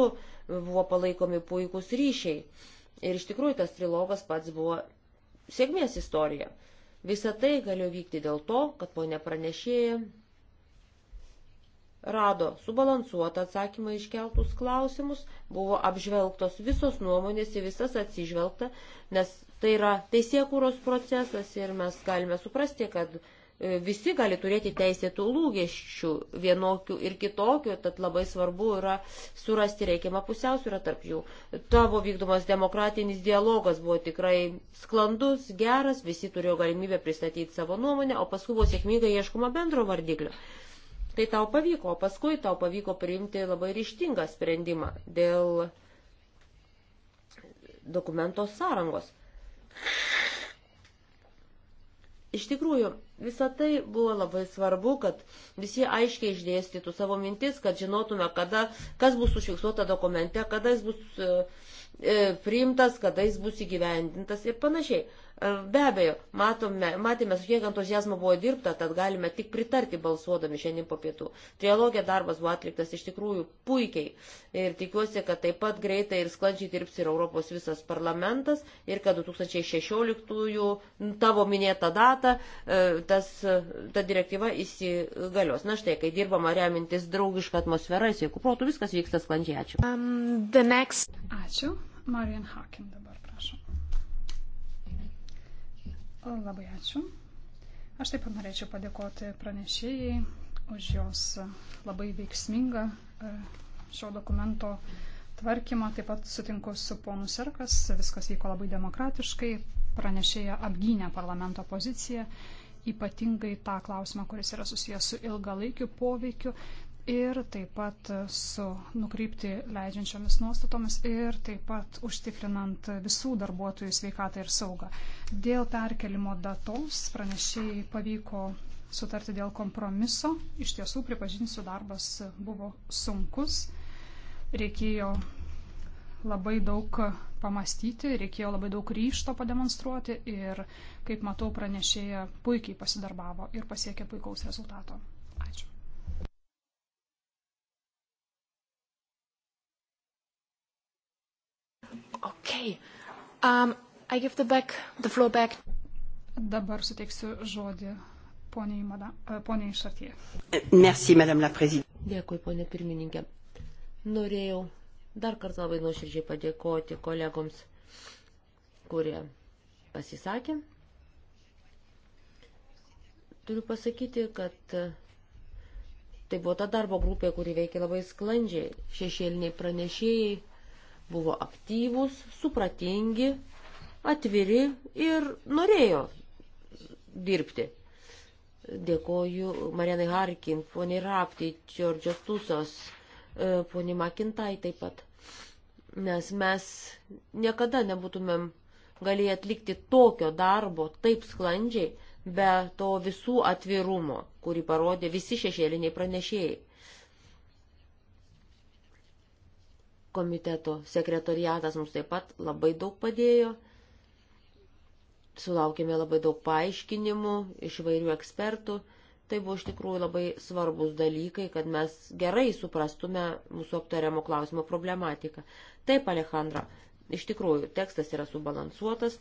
buvo palaikomi puikūs ryšiai. Ir iš tikrųjų tas trilogas pats buvo sėkmės istorija. Visą tai galiu vykti dėl to, kad ponė pranešėja rado subalansuotą atsakymą iškeltus klausimus, buvo apžvelgtos visos nuomonės, į visas atsižvelgta, nes tai yra teisėkūros procesas ir mes galime suprasti, kad e, visi gali turėti teisėtų lūkesčių vienokių ir kitokių, tad labai svarbu yra surasti reikiamą pusiausvyrą tarp jų. Tavo vykdomas demokratinis dialogas buvo tikrai sklandus, geras, visi turėjo galimybę pristatyti savo nuomonę, o paskui buvo sėkmingai ieškoma bendro vardiklio tai tau pavyko, o paskui tau pavyko priimti labai ryštingą sprendimą dėl dokumento sąrangos. Iš tikrųjų, visa tai buvo labai svarbu, kad visi aiškiai išdėstytų savo mintis, kad žinotume, kada, kas bus užfiksuota dokumente, kada jis bus e, e priimtas, kada jis bus įgyvendintas ir panašiai. Be abejo, matome, matėme, su kiek entuzijazmo buvo dirbta, tad galime tik pritarti balsuodami šiandien po pietų. Trialogė darbas buvo atliktas iš tikrųjų puikiai ir tikiuosi, kad taip pat greitai ir sklandžiai dirbs ir Europos visas parlamentas ir kad 2016-ųjų tavo minėta data e, tas, e, ta direktyva įsigalios. Na štai, kai dirbama remintis draugišką atmosferą, sveiku protu, viskas vyksta sklandžiai. Ačiū. Um, next... Ačiū. Marian Hakim dabar. Labai ačiū. Aš taip pat norėčiau padėkoti pranešėjai už jos labai veiksmingą e, šio dokumento tvarkymą. Taip pat sutinku su ponu Serkas, viskas vyko labai demokratiškai, pranešėja apgynė parlamento poziciją, ypatingai tą klausimą, kuris yra susijęs su ilgalaikiu poveikiu ir taip pat su nukrypti leidžiančiomis nuostatomis ir taip pat užtikrinant visų darbuotojų sveikatą ir saugą. Dėl perkelimo datos pranešėjai pavyko sutarti dėl kompromiso. Iš tiesų, pripažinsiu, darbas buvo sunkus. Reikėjo labai daug pamastyti, reikėjo labai daug ryšto pademonstruoti ir, kaip matau, pranešėja puikiai pasidarbavo ir pasiekė puikaus rezultato. Okay. Um, I give the, back, the floor back. Dabar suteiksiu žodį poniai, mada, e, poniai Šartie. Merci, madame la prezidente. Dėkui, ponė pirmininkė. Norėjau dar kartą labai nuoširdžiai padėkoti kolegoms, kurie pasisakė. Turiu pasakyti, kad tai buvo ta darbo grupė, kuri veikia labai sklandžiai. Šešėliniai pranešėjai buvo aktyvūs, supratingi, atviri ir norėjo dirbti. Dėkoju Marianai Harkin, poniai Rapti, Džordžios Tusos, e, poniai Makintai taip pat, nes mes niekada nebūtumėm galėję atlikti tokio darbo taip sklandžiai, be to visų atvirumo, kurį parodė visi šešėliniai pranešėjai. komiteto sekretoriatas mums taip pat labai daug padėjo. Sulaukėme labai daug paaiškinimų iš vairių ekspertų. Tai buvo iš tikrųjų labai svarbus dalykai, kad mes gerai suprastume mūsų aptariamo klausimo problematiką. Taip, Alejandra, iš tikrųjų, tekstas yra subalansuotas.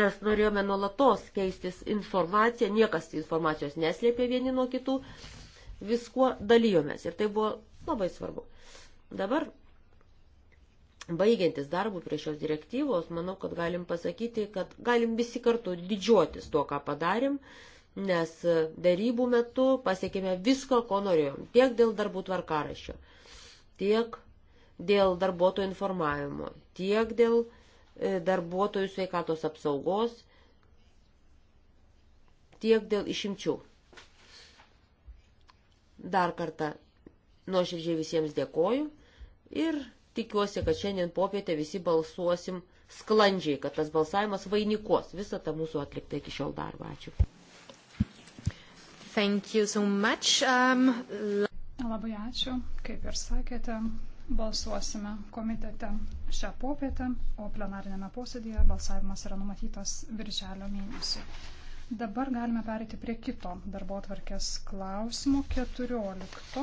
Mes norėjome nuolatos keistis informaciją, niekas informacijos neslėpė vieni nuo kitų, viskuo dalyjomės ir tai buvo labai svarbu. Dabar, baigiantis darbų prie šios direktyvos, manau, kad galim pasakyti, kad galim visi kartu didžiuotis tuo, ką padarim, nes darybų metu pasiekėme viską, ko norėjom, tiek dėl darbų tvarkaraščio, tiek dėl darbuotojų informavimo, tiek dėl e, darbuotojų sveikatos apsaugos, tiek dėl išimčių. Dar kartą nuoširdžiai visiems dėkoju ir tikiuosi, kad šiandien popietę visi balsuosim sklandžiai, kad tas balsavimas vainikuos visą tą mūsų atliktą iki šiol darbą. Ačiū. Thank you so much. Um, Labai ačiū, kaip ir sakėte, balsuosime komitete šią popietę, o plenarinėme posėdėje balsavimas yra numatytas virželio mėnesį. Dabar galime perėti prie kito darbo atvarkės klausimo, 14.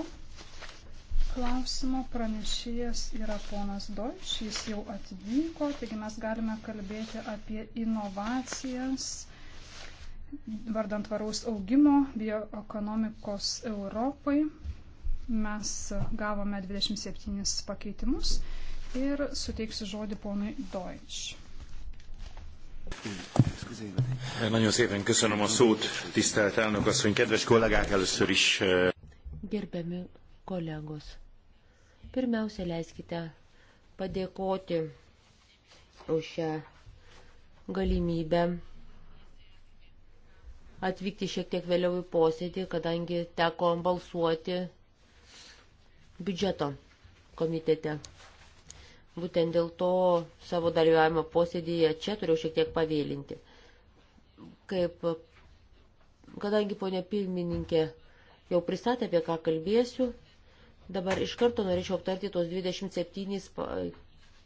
Klausimo pranešėjas yra ponas Deutsch, jis jau atvyko, taigi mes galime kalbėti apie inovacijas vardant varaus augimo bioekonomikos Europai. Mes gavome 27 pakeitimus ir suteiksiu žodį ponui Deutsch. Nagyon szépen köszönöm a szót, tisztelt elnök asszony, kedves kollégák, először is. Gerbiami kolegos, pirmiausia leiskite padėkoti už šią galimybę atvykti šiek tiek vėliau į posėdį, kadangi teko balsuoti biudžeto komitete. Būtent dėl to savo dalyvavimo posėdėje čia turėjau šiek tiek pavėlinti. Kaip, kadangi ponė pirmininkė jau pristatė, apie ką kalbėsiu, dabar iš karto norėčiau aptarti tos 27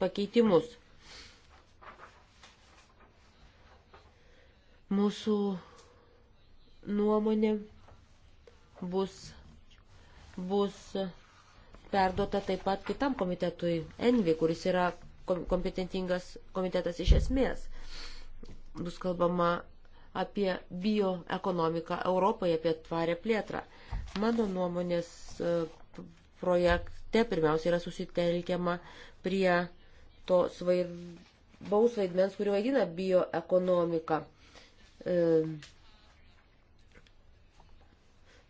pakeitimus. Mūsų nuomonė bus, bus perduota taip pat kitam komitetui, Envi, kuris yra kompetentingas komitetas iš esmės. Bus kalbama apie bioekonomiką Europoje, apie tvarę plėtrą. Mano nuomonės e, projekte pirmiausia yra susitelkiama prie to svarbaus vaidmens, kurį vaidina bioekonomika. E,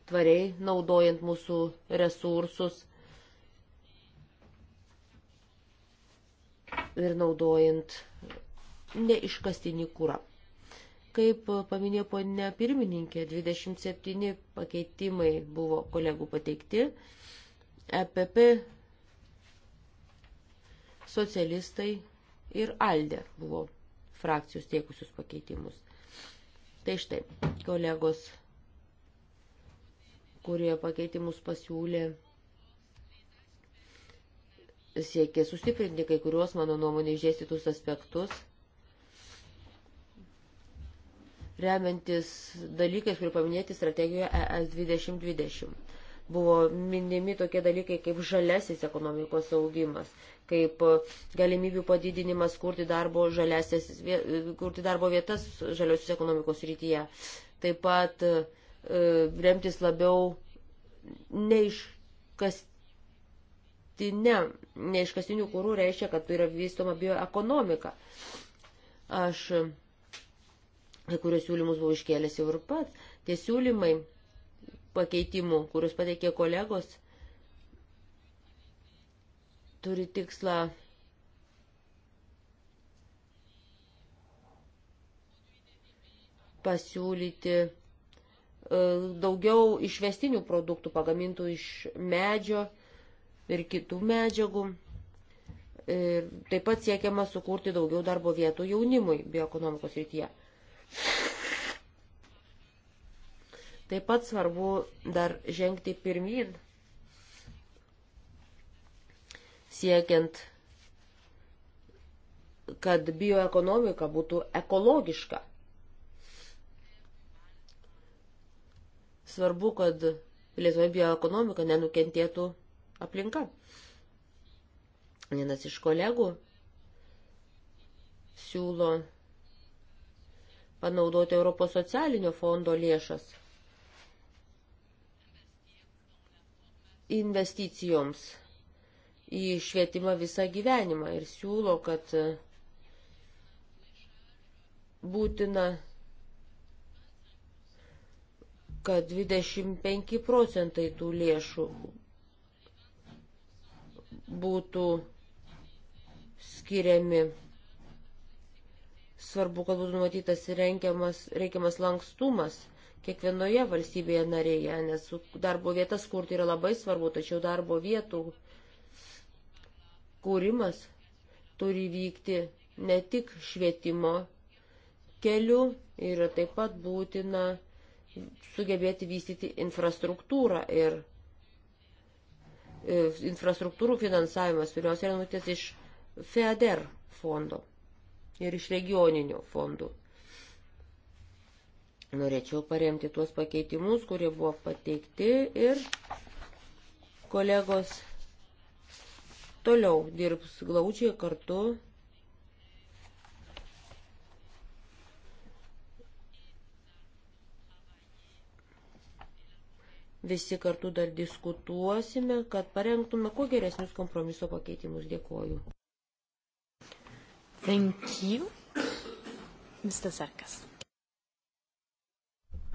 tvariai naudojant mūsų resursus ir naudojant neiškastinį kūrą. Kaip paminėjo ponė pirmininkė, 27 pakeitimai buvo kolegų pateikti. EPP, socialistai ir ALDE buvo frakcijos tiekusius pakeitimus. Tai štai, kolegos, kurie pakeitimus pasiūlė siekė sustiprinti kai kuriuos, mano nuomonė, išdėstytus aspektus, remiantis dalykais, kurį paminėti strategijoje ES 2020. Buvo minimi tokie dalykai kaip žalesis ekonomikos augimas, kaip galimybių padidinimas kurti darbo, žalesis, kurti darbo vietas žaliosios ekonomikos rytyje. Taip pat e, remtis labiau neiš kas iškastinę, neiškastinių kūrų reiškia, kad yra vystoma bioekonomika. Aš kai kurios siūlymus buvau iškėlęs jau ir pats. Tie siūlymai pakeitimų, kuriuos pateikė kolegos, turi tikslą pasiūlyti e, daugiau išvestinių produktų pagamintų iš medžio ir kitų medžiagų. Ir taip pat siekiama sukurti daugiau darbo vietų jaunimui bioekonomikos rytyje. Taip pat svarbu dar žengti pirmyn, siekiant, kad bioekonomika būtų ekologiška. Svarbu, kad Lietuvoje bioekonomika nenukentėtų aplinka. Vienas iš kolegų siūlo panaudoti Europos socialinio fondo lėšas investicijoms į švietimą visą gyvenimą ir siūlo, kad būtina, kad 25 procentai tų lėšų būtų skiriami. Svarbu, kad būtų numatytas reikiamas, reikiamas lankstumas kiekvienoje valstybėje narėje, nes darbo vietas kurti yra labai svarbu, tačiau darbo vietų kūrimas turi vykti ne tik švietimo keliu, yra taip pat būtina sugebėti vystyti infrastruktūrą ir infrastruktūrą E, infrastruktūrų finansavimas pirmiausia yra nutis iš FEADER fondo ir iš regioninių fondų. Norėčiau paremti tuos pakeitimus, kurie buvo pateikti ir kolegos toliau dirbs glaučiai kartu visi kartu dar diskutuosime, kad parengtume kuo geresnius kompromiso pakeitimus. Dėkuoju. Thank you. Mr. Sarkas.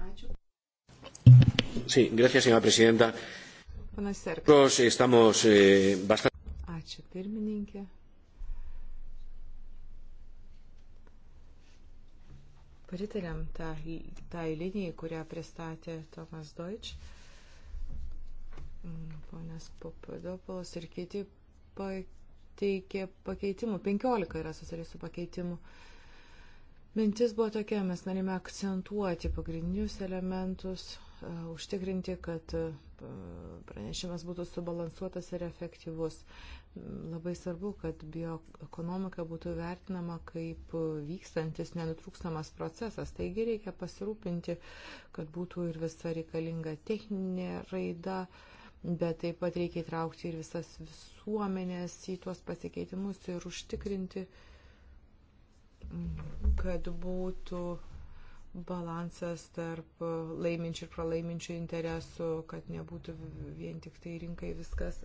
Ačiū. Sí, gracias, señora presidenta. Panas Sarkas. Estamos, eh, bastante... Ačiū, pirmininkė. Pritariam tą, tą tai linijai, kurią pristatė Tomas Deutsch Mm, ponas Papadopoulos ir kiti pateikė pakeitimų. 15 yra socialistų pakeitimų. Mintis buvo tokia, mes norime akcentuoti pagrindinius elementus, e, užtikrinti, kad e, pranešimas būtų subalansuotas ir efektyvus. Mm, labai svarbu, kad bioekonomika būtų vertinama kaip vykstantis nenutrūkstamas procesas. Taigi reikia pasirūpinti, kad būtų ir visa reikalinga techninė raida, uh, bet taip pat reikia įtraukti ir visas visuomenės į tuos pasikeitimus ir užtikrinti, kad būtų balansas tarp laiminčių ir pralaiminčių interesų, kad nebūtų vien tik tai rinkai viskas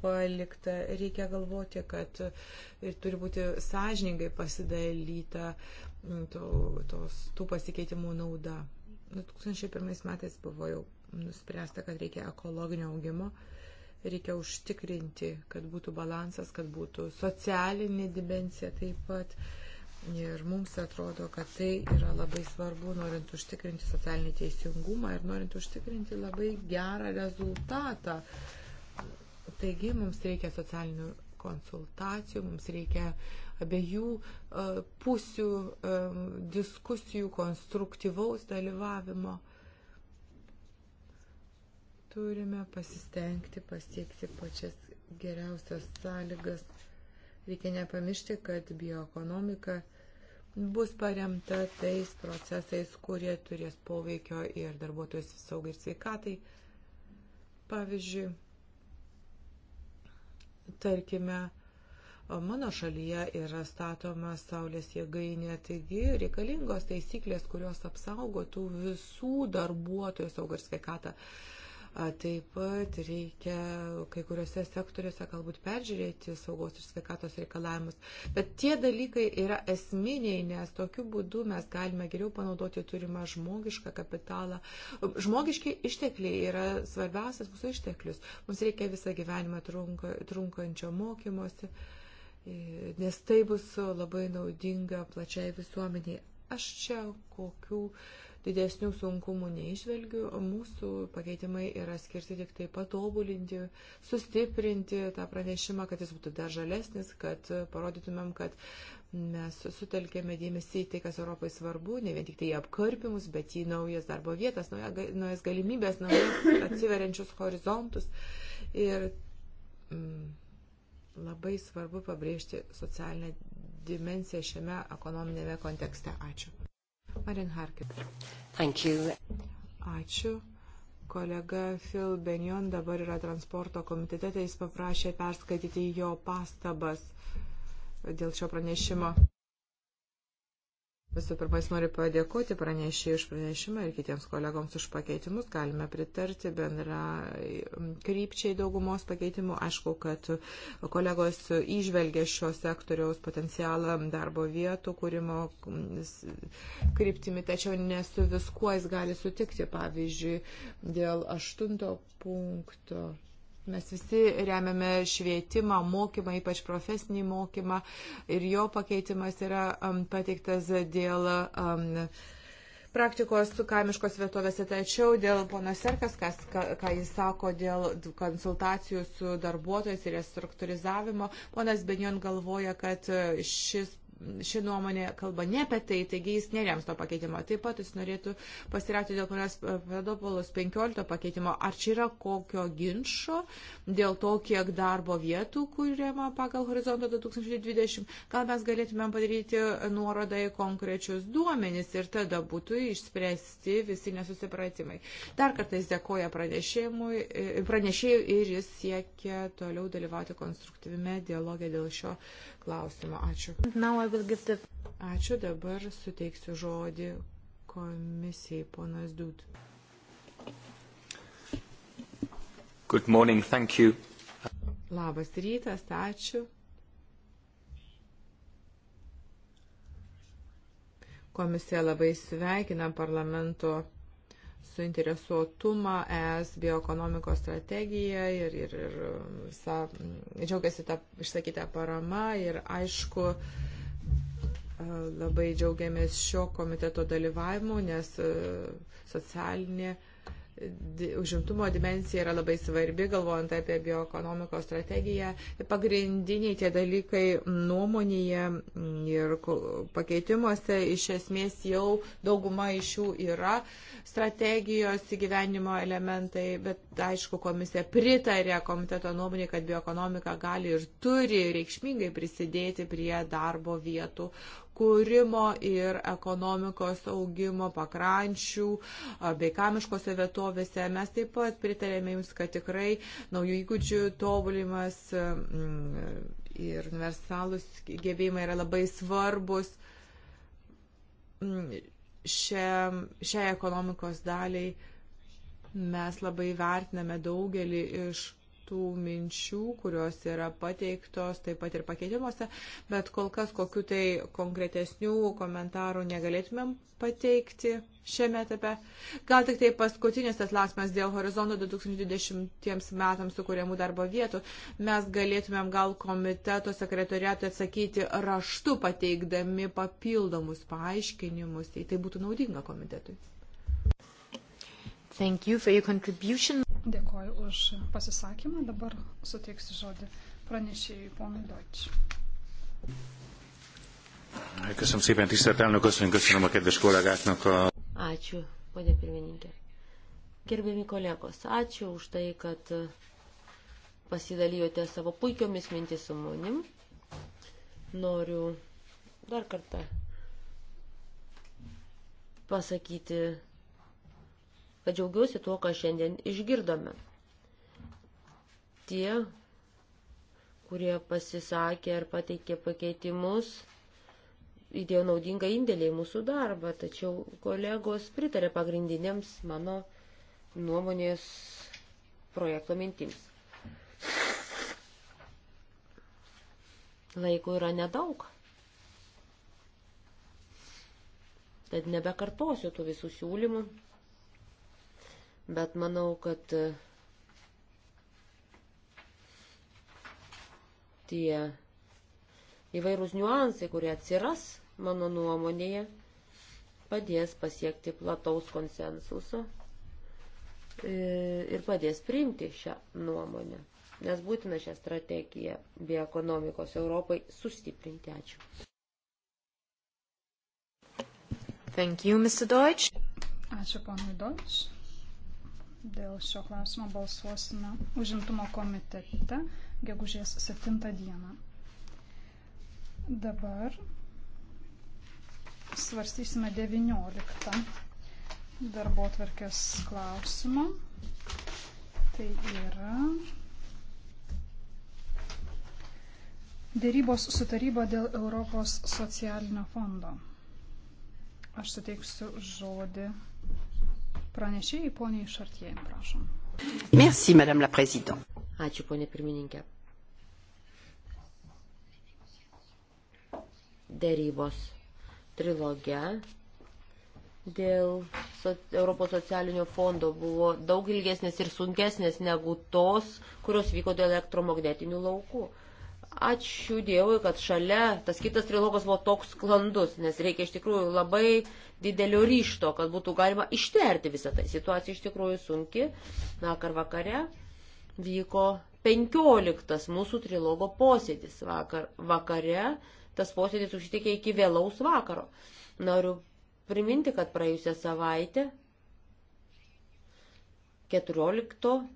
palikta. Reikia galvoti, kad ir turi būti sąžiningai pasidalyta to, tos, tų pasikeitimų nauda. 2001 nu, metais buvo jau nuspręsta, kad reikia ekologinio augimo, reikia užtikrinti, kad būtų balansas, kad būtų socialinė dimensija taip pat. Ir mums atrodo, kad tai yra labai svarbu, norint užtikrinti socialinį teisingumą ir norint užtikrinti labai gerą rezultatą. Taigi mums reikia socialinių konsultacijų, mums reikia abiejų e, pusių e, diskusijų, konstruktyvaus dalyvavimo turime pasistengti pasiekti pačias geriausias sąlygas. Reikia nepamiršti, kad bioekonomika bus paremta tais procesais, kurie turės poveikio ir darbuotojus saugai ir sveikatai. Pavyzdžiui, tarkime, mano šalyje yra statoma saulės jėgainė, taigi reikalingos taisyklės, kurios apsaugotų visų darbuotojų saugą ir sveikatą. Taip pat reikia kai kuriuose sektoriuose galbūt peržiūrėti saugos ir sveikatos reikalavimus. Bet tie dalykai yra esminiai, nes tokiu būdu mes galime geriau panaudoti turimą žmogišką kapitalą. Žmogiški ištekliai yra svarbiausias mūsų išteklius. Mums reikia visą gyvenimą trunka, trunkančio mokymosi, nes tai bus labai naudinga plačiai visuomeniai. Aš čia kokių didesnių sunkumų neišvelgiu. Mūsų pakeitimai yra skirti tik tai patobulinti, sustiprinti tą pranešimą, kad jis būtų dar žalesnis, kad parodytumėm, kad mes sutelkėme dėmesį į tai, kas Europai svarbu, ne vien tik tai į apkarpimus, bet į naujas darbo vietas, naujas galimybės, naujas atsiveriančius horizontus. Ir mm, labai svarbu pabrėžti socialinę dimensiją šiame ekonominėme kontekste. Ačiū. Marin Harkin. Thank you. Ačiū. Kolega Phil Benjon dabar yra transporto komitete, tai jis paprašė perskaityti jo pastabas dėl šio pranešimo. Visų pirma, jis nori padėkoti pranešėjai už pranešimą ir kitiems kolegoms už pakeitimus. Galime pritarti bendra krypčiai daugumos pakeitimų. Aišku, kad kolegos išvelgia šio sektoriaus potencialą darbo vietų kūrimo kryptimi, tačiau nesu viskuo jis gali sutikti. Pavyzdžiui, dėl aštunto punkto Mes visi remiame švietimą, mokymą, ypač profesinį mokymą ir jo pakeitimas yra pateiktas dėl praktikos kaimiškos vietovėse, tačiau dėl pono Serkas, kas, ką, ką jis sako dėl konsultacijų su darbuotojais ir restruktūrizavimo, ponas Benjon galvoja, kad šis ši nuomonė kalba ne apie tai, taigi jis nerems to pakeitimo. Taip pat jis norėtų pasirauti dėl ponios Pedopolos 15 pakeitimo. Ar čia yra kokio ginčio dėl to, kiek darbo vietų kuriama pagal horizontą 2020? Gal mes galėtumėm padaryti nuorodą į konkrečius duomenys ir tada būtų išspręsti visi nesusipratimai. Dar kartais dėkoja pranešėjui ir jis siekia toliau dalyvauti konstruktyvime dialogė dėl šio klausimo. Ačiū. The... Ačiū, dabar suteiksiu žodį komisijai, ponas Dūt. Good morning, thank you. Labas rytas, ačiū. Komisija labai sveikina parlamento suinteresuotumą ES bioekonomikos strategiją ir, ir, ir sa, džiaugiasi tą išsakytą paramą ir aišku, e, labai džiaugiamės šio komiteto dalyvavimu, nes e, socialinė uh, užimtumo dimensija yra labai svarbi, galvojant apie bioekonomikos strategiją. Pagrindiniai tie dalykai nuomonėje ir pakeitimuose iš esmės jau dauguma iš jų yra strategijos įgyvenimo elementai, bet aišku, komisija pritarė komiteto nuomonė, kad bioekonomika gali ir turi reikšmingai prisidėti prie darbo vietų atkūrimo ir ekonomikos augimo pakrančių bei kamiškose vietovėse. Mes taip pat pritarėme Jums, kad tikrai naujų įgūdžių tobulimas mm, ir universalus gebėjimai yra labai svarbus mm, šiai ekonomikos daliai mes labai vertiname daugelį iš tų minčių, kurios yra pateiktos taip pat ir pakeitimuose, bet kol kas kokiu tai konkretesnių komentarų negalėtumėm pateikti šiame etape. Gal tik tai paskutinis tas laksmas dėl horizonto 2020 metams sukūrėmų darbo vietų. Mes galėtumėm gal komiteto sekretoriatui atsakyti raštu pateikdami papildomus paaiškinimus. Tai, tai būtų naudinga komitetui. Thank you for your contribution. Dėkoju už pasisakymą. Dabar suteiksiu žodį pranešėjui ponui Deutsch. Köszönöm szépen, tisztelt elnök asszony, köszönöm a kedves kollégáknak a... Ačiū, ponė pirmininkė. Gerbiami kolegos, ačiū už tai, kad e, pasidalijote savo puikiomis mintis su manim. Noriu dar kartą pasakyti kad džiaugiuosi tuo, ką šiandien išgirdome. Tie, kurie pasisakė ar pateikė pakeitimus, įdėjo naudingą indėlį į mūsų darbą, tačiau kolegos pritarė pagrindinėms mano nuomonės projekto mintims. Laiko yra nedaug. Tad nebekartosiu tų visų siūlymų bet manau, kad e, tie įvairūs niuansai, kurie atsiras mano nuomonėje, padės pasiekti plataus konsensuso e, ir padės priimti šią nuomonę. Nes būtina šią strategiją bei ekonomikos Europai sustiprinti. Ačiū. Thank you, Mr. Deutsch. Ačiū, ponui Deutsch. Dėl šio klausimo balsuosime užimtumo komitete gegužės 7 dieną. Dabar svarstysime 19 darbo atvarkės klausimą. Tai yra dėrybos sutaryba dėl Europos socialinio fondo. Aš suteiksiu žodį pranešėjai, poniai Šartieji, prašom. Merci, madame la prezident. Ačiū, ponė pirmininkė. Dėrybos trilogė dėl so Europos socialinio fondo buvo daug ilgesnės ir sunkesnės negu tos, kurios vyko dėl elektromagnetinių laukų. Ačiū Dievui, kad šalia tas kitas trilogas buvo toks sklandus, nes reikia iš tikrųjų labai didelio ryšto, kad būtų galima ištverti visą tai. Situacija iš tikrųjų sunki. Vakar vakare vyko 15 mūsų trilogo posėdis. Vakar vakare tas posėdis užtikė iki vėlaus vakaro. Noriu priminti, kad praėjusią savaitę 14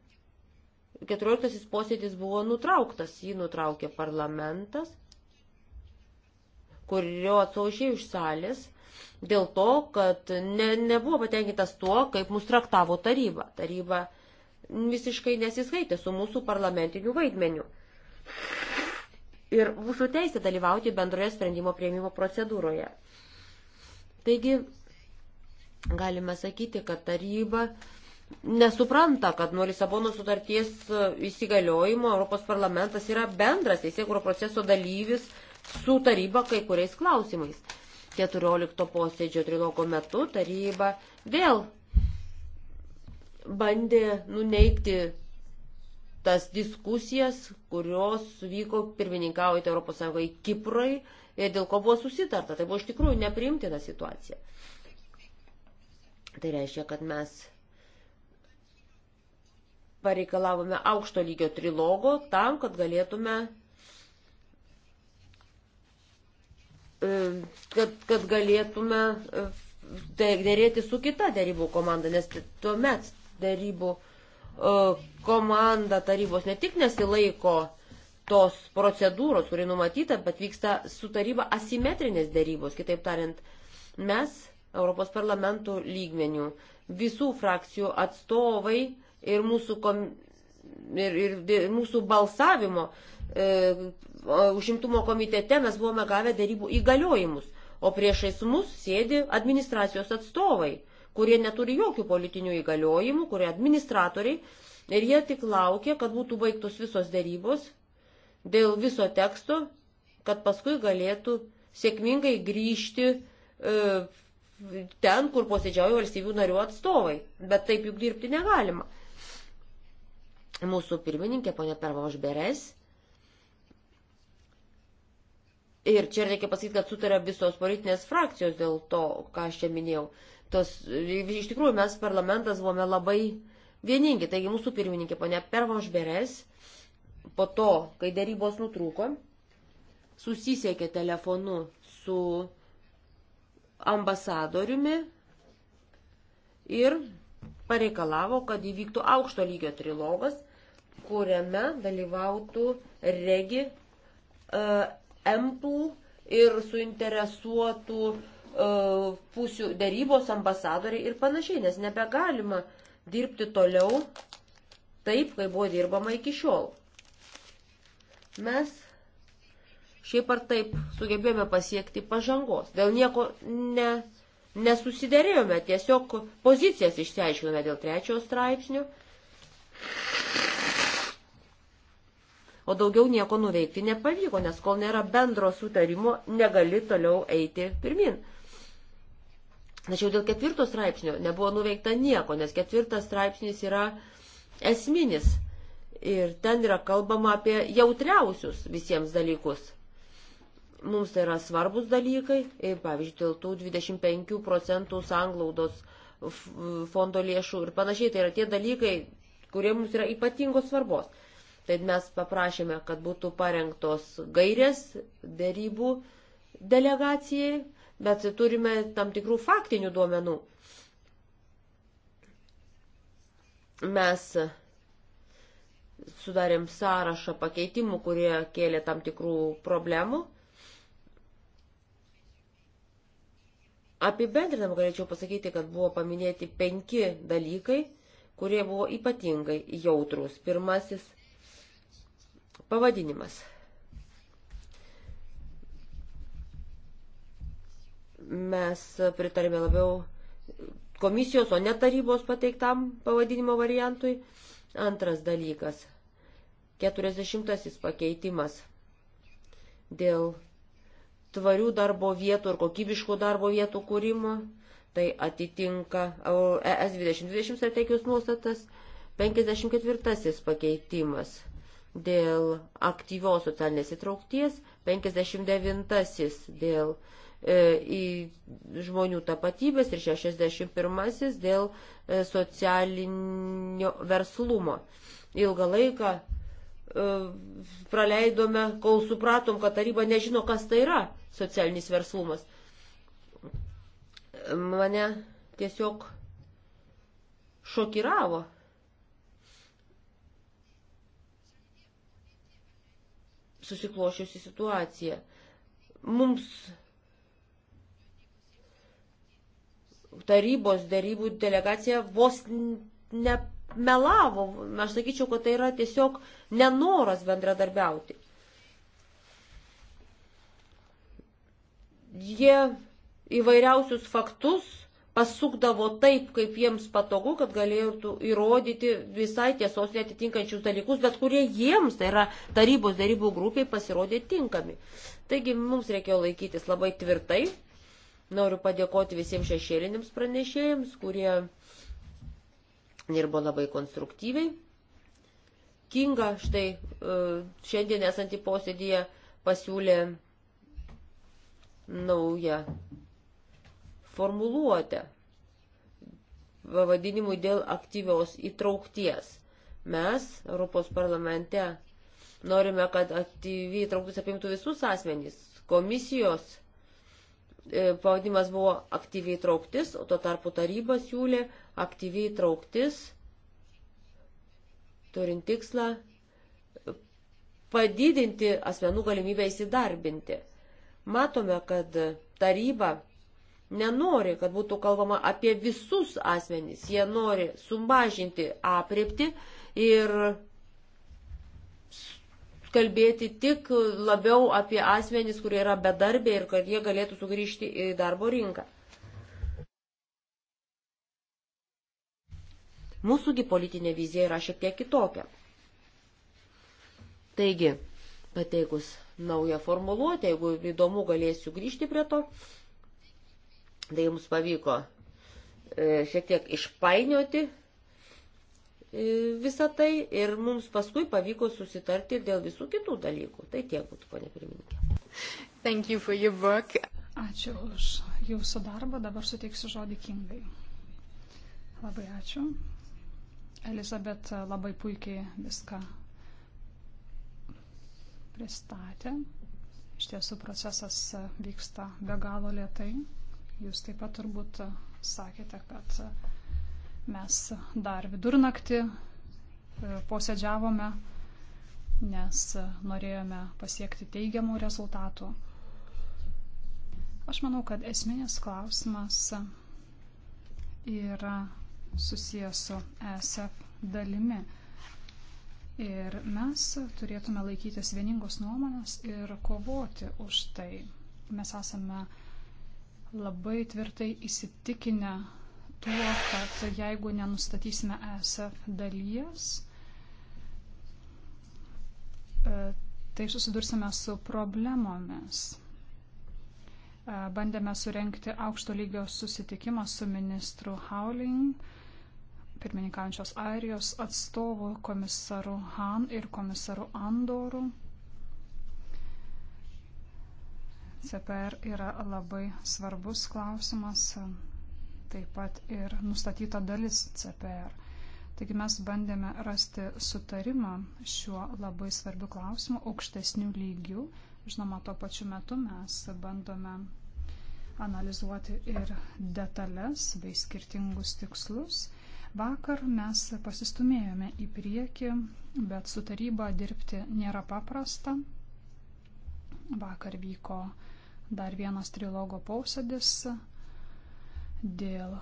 14 posėdis buvo nutrauktas, jį nutraukė parlamentas, kurio atsaužiai iš salės, dėl to, kad ne, nebuvo patenkintas tuo, kaip mus traktavo taryba. Taryba visiškai nesiskaitė su mūsų parlamentiniu vaidmeniu. Ir mūsų teisė dalyvauti bendroje sprendimo prieimimo procedūroje. Taigi, galime sakyti, kad taryba nesupranta, kad nuo Lisabono sutarties e, įsigaliojimo Europos parlamentas yra bendras teisėkūro proceso dalyvis su taryba kai kuriais klausimais. 14 posėdžio trilogo metu taryba vėl bandė nuneikti tas diskusijas, kurios vyko pirmininkaujant ES Kiprui ir dėl ko buvo susitarta. Tai buvo iš tikrųjų nepriimtina situacija. Tai reiškia, kad mes pareikalavome aukšto lygio trilogo tam, kad galėtume e, kad, kad galėtume e, tai dėrėti su kita dėrybų komanda, nes tuomet dėrybų e, komanda tarybos ne tik nesilaiko tos procedūros, kuri numatyta, bet vyksta su taryba asimetrinės dėrybos. Kitaip tariant, mes Europos parlamentų lygmenių visų frakcijų atstovai ir mūsų, kom, ir, ir, ir mūsų balsavimo e, užimtumo komitete mes buvome gavę darybų įgaliojimus, o priešais mus sėdi administracijos atstovai, kurie neturi jokių politinių įgaliojimų, kurie administratoriai ir jie tik laukia, kad būtų baigtos visos darybos dėl viso teksto, kad paskui galėtų sėkmingai grįžti e, ten, kur posėdžiauja valstybių narių atstovai. Bet taip juk dirbti negalima mūsų pirmininkė, ponė Pervož Beres. Ir čia reikia pasakyti, kad sutarė visos politinės frakcijos dėl to, ką aš čia minėjau. Tos, iš tikrųjų, mes parlamentas buvome labai vieningi. Taigi mūsų pirmininkė, ponė Pervož Beres, po to, kai darybos nutrūko, susisiekė telefonu su ambasadoriumi ir pareikalavo, kad įvyktų aukšto lygio trilogas – kuriame dalyvautų regi, empų ir suinteresuotų e, pusių darybos ambasadoriai ir panašiai, nes nebegalima dirbti toliau taip, kaip buvo dirbama iki šiol. Mes šiaip ar taip sugebėjome pasiekti pažangos. Dėl nieko ne, nesusiderėjome, tiesiog pozicijas išsiaiškinome dėl trečiojo straipsnio o daugiau nieko nuveikti nepavyko, nes kol nėra bendro sutarimo, negali toliau eiti pirmin. Tačiau dėl ketvirto straipsnio nebuvo nuveikta nieko, nes ketvirtas straipsnis yra esminis ir ten yra kalbama apie jautriausius visiems dalykus. Mums tai yra svarbus dalykai, ir, pavyzdžiui, dėl tų 25 procentų sanglaudos fondo lėšų ir panašiai, tai yra tie dalykai, kurie mums yra ypatingos svarbos. Tai mes paprašėme, kad būtų parengtos gairės dėrybų delegacijai, bet turime tam tikrų faktinių duomenų. Mes sudarėm sąrašą pakeitimų, kurie kėlė tam tikrų problemų. Apibendrinam galėčiau pasakyti, kad buvo paminėti penki dalykai, kurie buvo ypatingai jautrus. Pirmasis – Pavadinimas. Mes pritarėme labiau komisijos, o ne tarybos pateiktam pavadinimo variantui. Antras dalykas. 40 pakeitimas dėl tvarių darbo vietų ir kokybiškų darbo vietų kūrimo. Tai atitinka ES 2020 strategijos nuostatas. 54 pakeitimas – dėl aktyvios socialinės įtraukties, 59-asis dėl e, žmonių tapatybės ir 61-asis dėl e, socialinio verslumo. Ilgą laiką e, praleidome, kol supratom, kad taryba nežino, kas tai yra socialinis verslumas. Mane tiesiog šokiravo susiklošiusi situacija. Mums tarybos darybų delegacija vos nemelavo. Aš sakyčiau, kad tai yra tiesiog nenoras bendradarbiauti. Jie įvairiausius faktus pasukdavo taip, kaip jiems patogu, kad galėtų įrodyti visai tiesos netitinkančius dalykus, bet kurie jiems, tai yra tarybos darybų grupiai, pasirodė tinkami. Taigi mums reikėjo laikytis labai tvirtai. Noriu padėkoti visiems šešėlinims pranešėjams, kurie dirbo labai konstruktyviai. Kinga štai e, šiandien esantį posėdėje pasiūlė naują formuluotę pavadinimui dėl aktyvios įtraukties. Mes Europos parlamente norime, kad aktyviai įtrauktis apimtų visus asmenys. Komisijos e, pavadimas buvo aktyviai įtrauktis, o tuo tarpu taryba siūlė aktyviai įtrauktis, turint tikslą padidinti asmenų galimybę įsidarbinti. Matome, kad taryba nenori, kad būtų kalbama apie visus asmenys. Jie nori sumažinti apriepti ir kalbėti tik labiau apie asmenys, kurie yra bedarbė ir kad jie galėtų sugrįžti į darbo rinką. Mūsųgi politinė vizija yra šiek tiek kitokia. Taigi, pateikus naują formuluotę, jeigu įdomu, galėsiu grįžti prie to. Uh, Tai jums pavyko e, šiek tiek išpainioti e, visą tai ir mums paskui pavyko susitarti dėl visų kitų dalykų. Tai tiek būtų, ponė pirmininkė. Thank you for your work. Ačiū už jūsų darbą. Dabar suteiksiu žodį Kingai. Labai ačiū. Elizabet labai puikiai viską pristatė. Iš tiesų procesas vyksta be galo lietai. Jūs taip pat turbūt e, sakėte, kad e, mes dar vidurnaktį e, posėdžiavome, nes norėjome pasiekti teigiamų rezultatų. Aš manau, kad esminis klausimas yra susijęs su ESF dalimi. Ir mes turėtume laikytis vieningos nuomonės ir kovoti už tai. Mes esame uh, labai tvirtai įsitikinę tuo, kad jeigu nenustatysime ESF dalies, e, tai susidursime su problemomis. E, bandėme surenkti aukšto lygio susitikimą su ministru Howling, pirmininkaujančios Airijos atstovu komisaru Han ir komisaru Andoru. CPR yra labai svarbus klausimas, taip pat ir nustatyta dalis CPR. Taigi mes bandėme rasti sutarimą šiuo labai svarbiu klausimu aukštesnių lygių. Žinoma, tuo pačiu metu mes bandome analizuoti ir detalės bei skirtingus tikslus. Vakar mes pasistumėjome į priekį, bet su taryba dirbti nėra paprasta. Vakar vyko uh, dar vienas trilogo posėdis dėl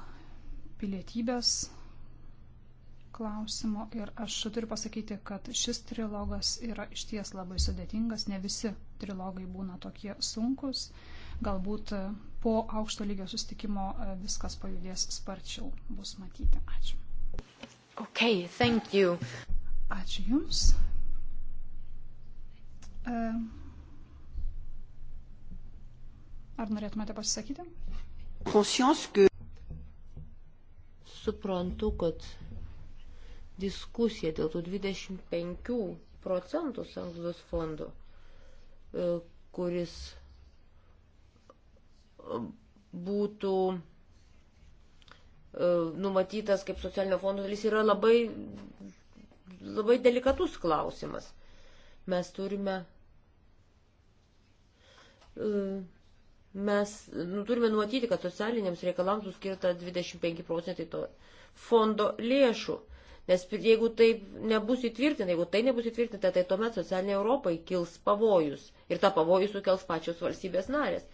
pilietybės klausimo ir aš turiu pasakyti, kad šis trilogas yra išties labai sudėtingas, ne visi trilogai būna tokie sunkus, galbūt po aukšto lygio sustikimo viskas pajudės sparčiau, bus matyti. Ačiū. Okay, thank you. Ačiū Jums. Uh, Ar norėtumėte pasisakyti? Suprantu, kad diskusija dėl tų 25 procentų sanglaudos fondo, e, kuris e, būtų e, numatytas kaip socialinio fondo dalis, yra labai, labai delikatus klausimas. Mes turime Mes nu, turime numatyti, kad socialiniams reikalams skirta 25 procentai to fondo lėšų. Nes jeigu tai nebus įtvirtinta, jeigu tai nebus įtvirtinta, tai tuomet socialiniai Europai kils pavojus. Ir tą pavojų sukels pačios valstybės narės.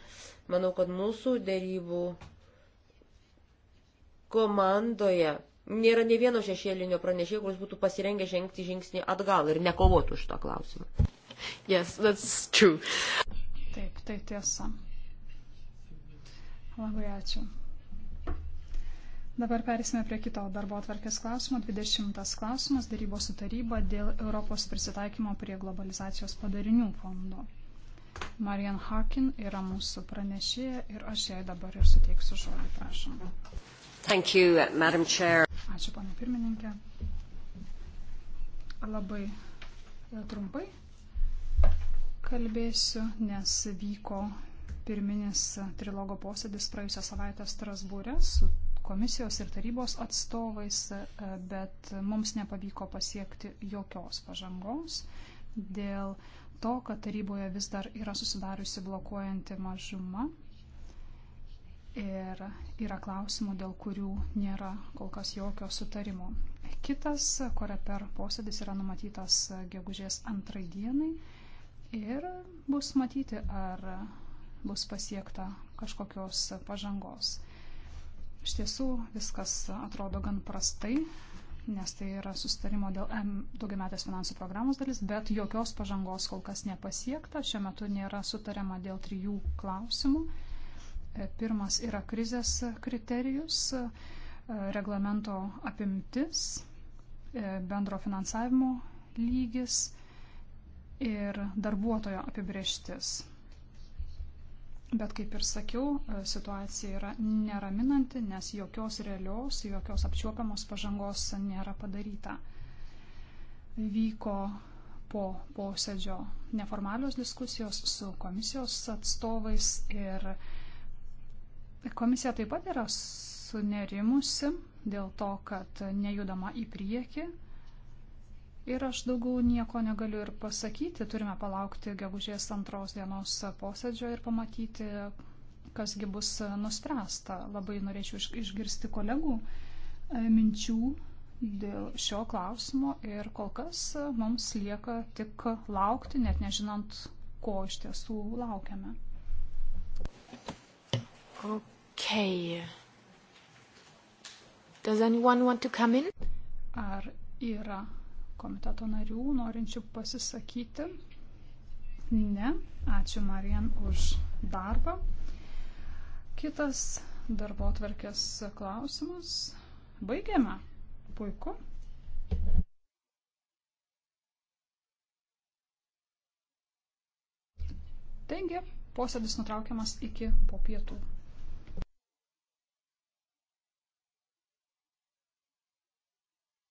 Manau, kad mūsų dėrybų komandoje nėra ne vieno šešėlinio pranešėjo, kuris būtų pasirengę žengti žingsnį atgal ir nekovotų už tą klausimą. Yes, that's true. Taip, tai tiesa. Labai ačiū. Dabar perėsime prie kito darbo atvarkės klausimo. 20 klausimas - darybos su taryba dėl Europos prisitaikymo prie globalizacijos padarinių fondo. Marian Hakin yra mūsų pranešėja ir aš jai dabar ir suteiksiu žodį, prašom. Thank you, Madam Chair. Ačiū, pana pirmininkė. Labai e, trumpai kalbėsiu, nes vyko pirminis trilogo posėdis praėjusią savaitę Strasbūrė su komisijos ir tarybos atstovais, e, bet mums nepavyko pasiekti jokios pažangos dėl to, kad taryboje vis dar yra susidariusi blokuojanti mažuma ir yra klausimų, dėl kurių nėra kol kas jokio sutarimo. Kitas, kuria per posėdis yra numatytas gegužės antrai dienai ir bus matyti, ar bus pasiekta kažkokios pažangos. Iš tiesų viskas atrodo gan prastai, nes tai yra sustarimo dėl M daugiametės finansų programos dalis, bet jokios pažangos kol kas nepasiekta. Šiuo metu nėra sutariama dėl trijų klausimų. Pirmas yra krizės kriterijus, reglamento apimtis, bendro finansavimo lygis ir darbuotojo apibrieštis. Bet kaip ir sakiau, e, situacija yra neraminanti, nes jokios realios, jokios apčiuopiamos pažangos nėra padaryta. Vyko po posėdžio neformalios diskusijos su komisijos atstovais ir komisija taip pat yra sunerimusi dėl to, kad nejudama į priekį Ir aš daugiau nieko negaliu ir pasakyti. Turime palaukti gegužės antros dienos posėdžio ir pamatyti, kasgi bus nuspręsta. Labai norėčiau išgirsti kolegų e, minčių dėl šio klausimo ir kol kas e, mums lieka tik laukti, net nežinant, ko iš tiesų laukiame. Okay. Does anyone want to come in? Ar yra komiteto narių norinčių pasisakyti? Ne. Ačiū Marijan už darbą. Kitas darbo atvarkės klausimas. Baigiame. Puiku. Taigi, posėdis nutraukiamas iki po pietų.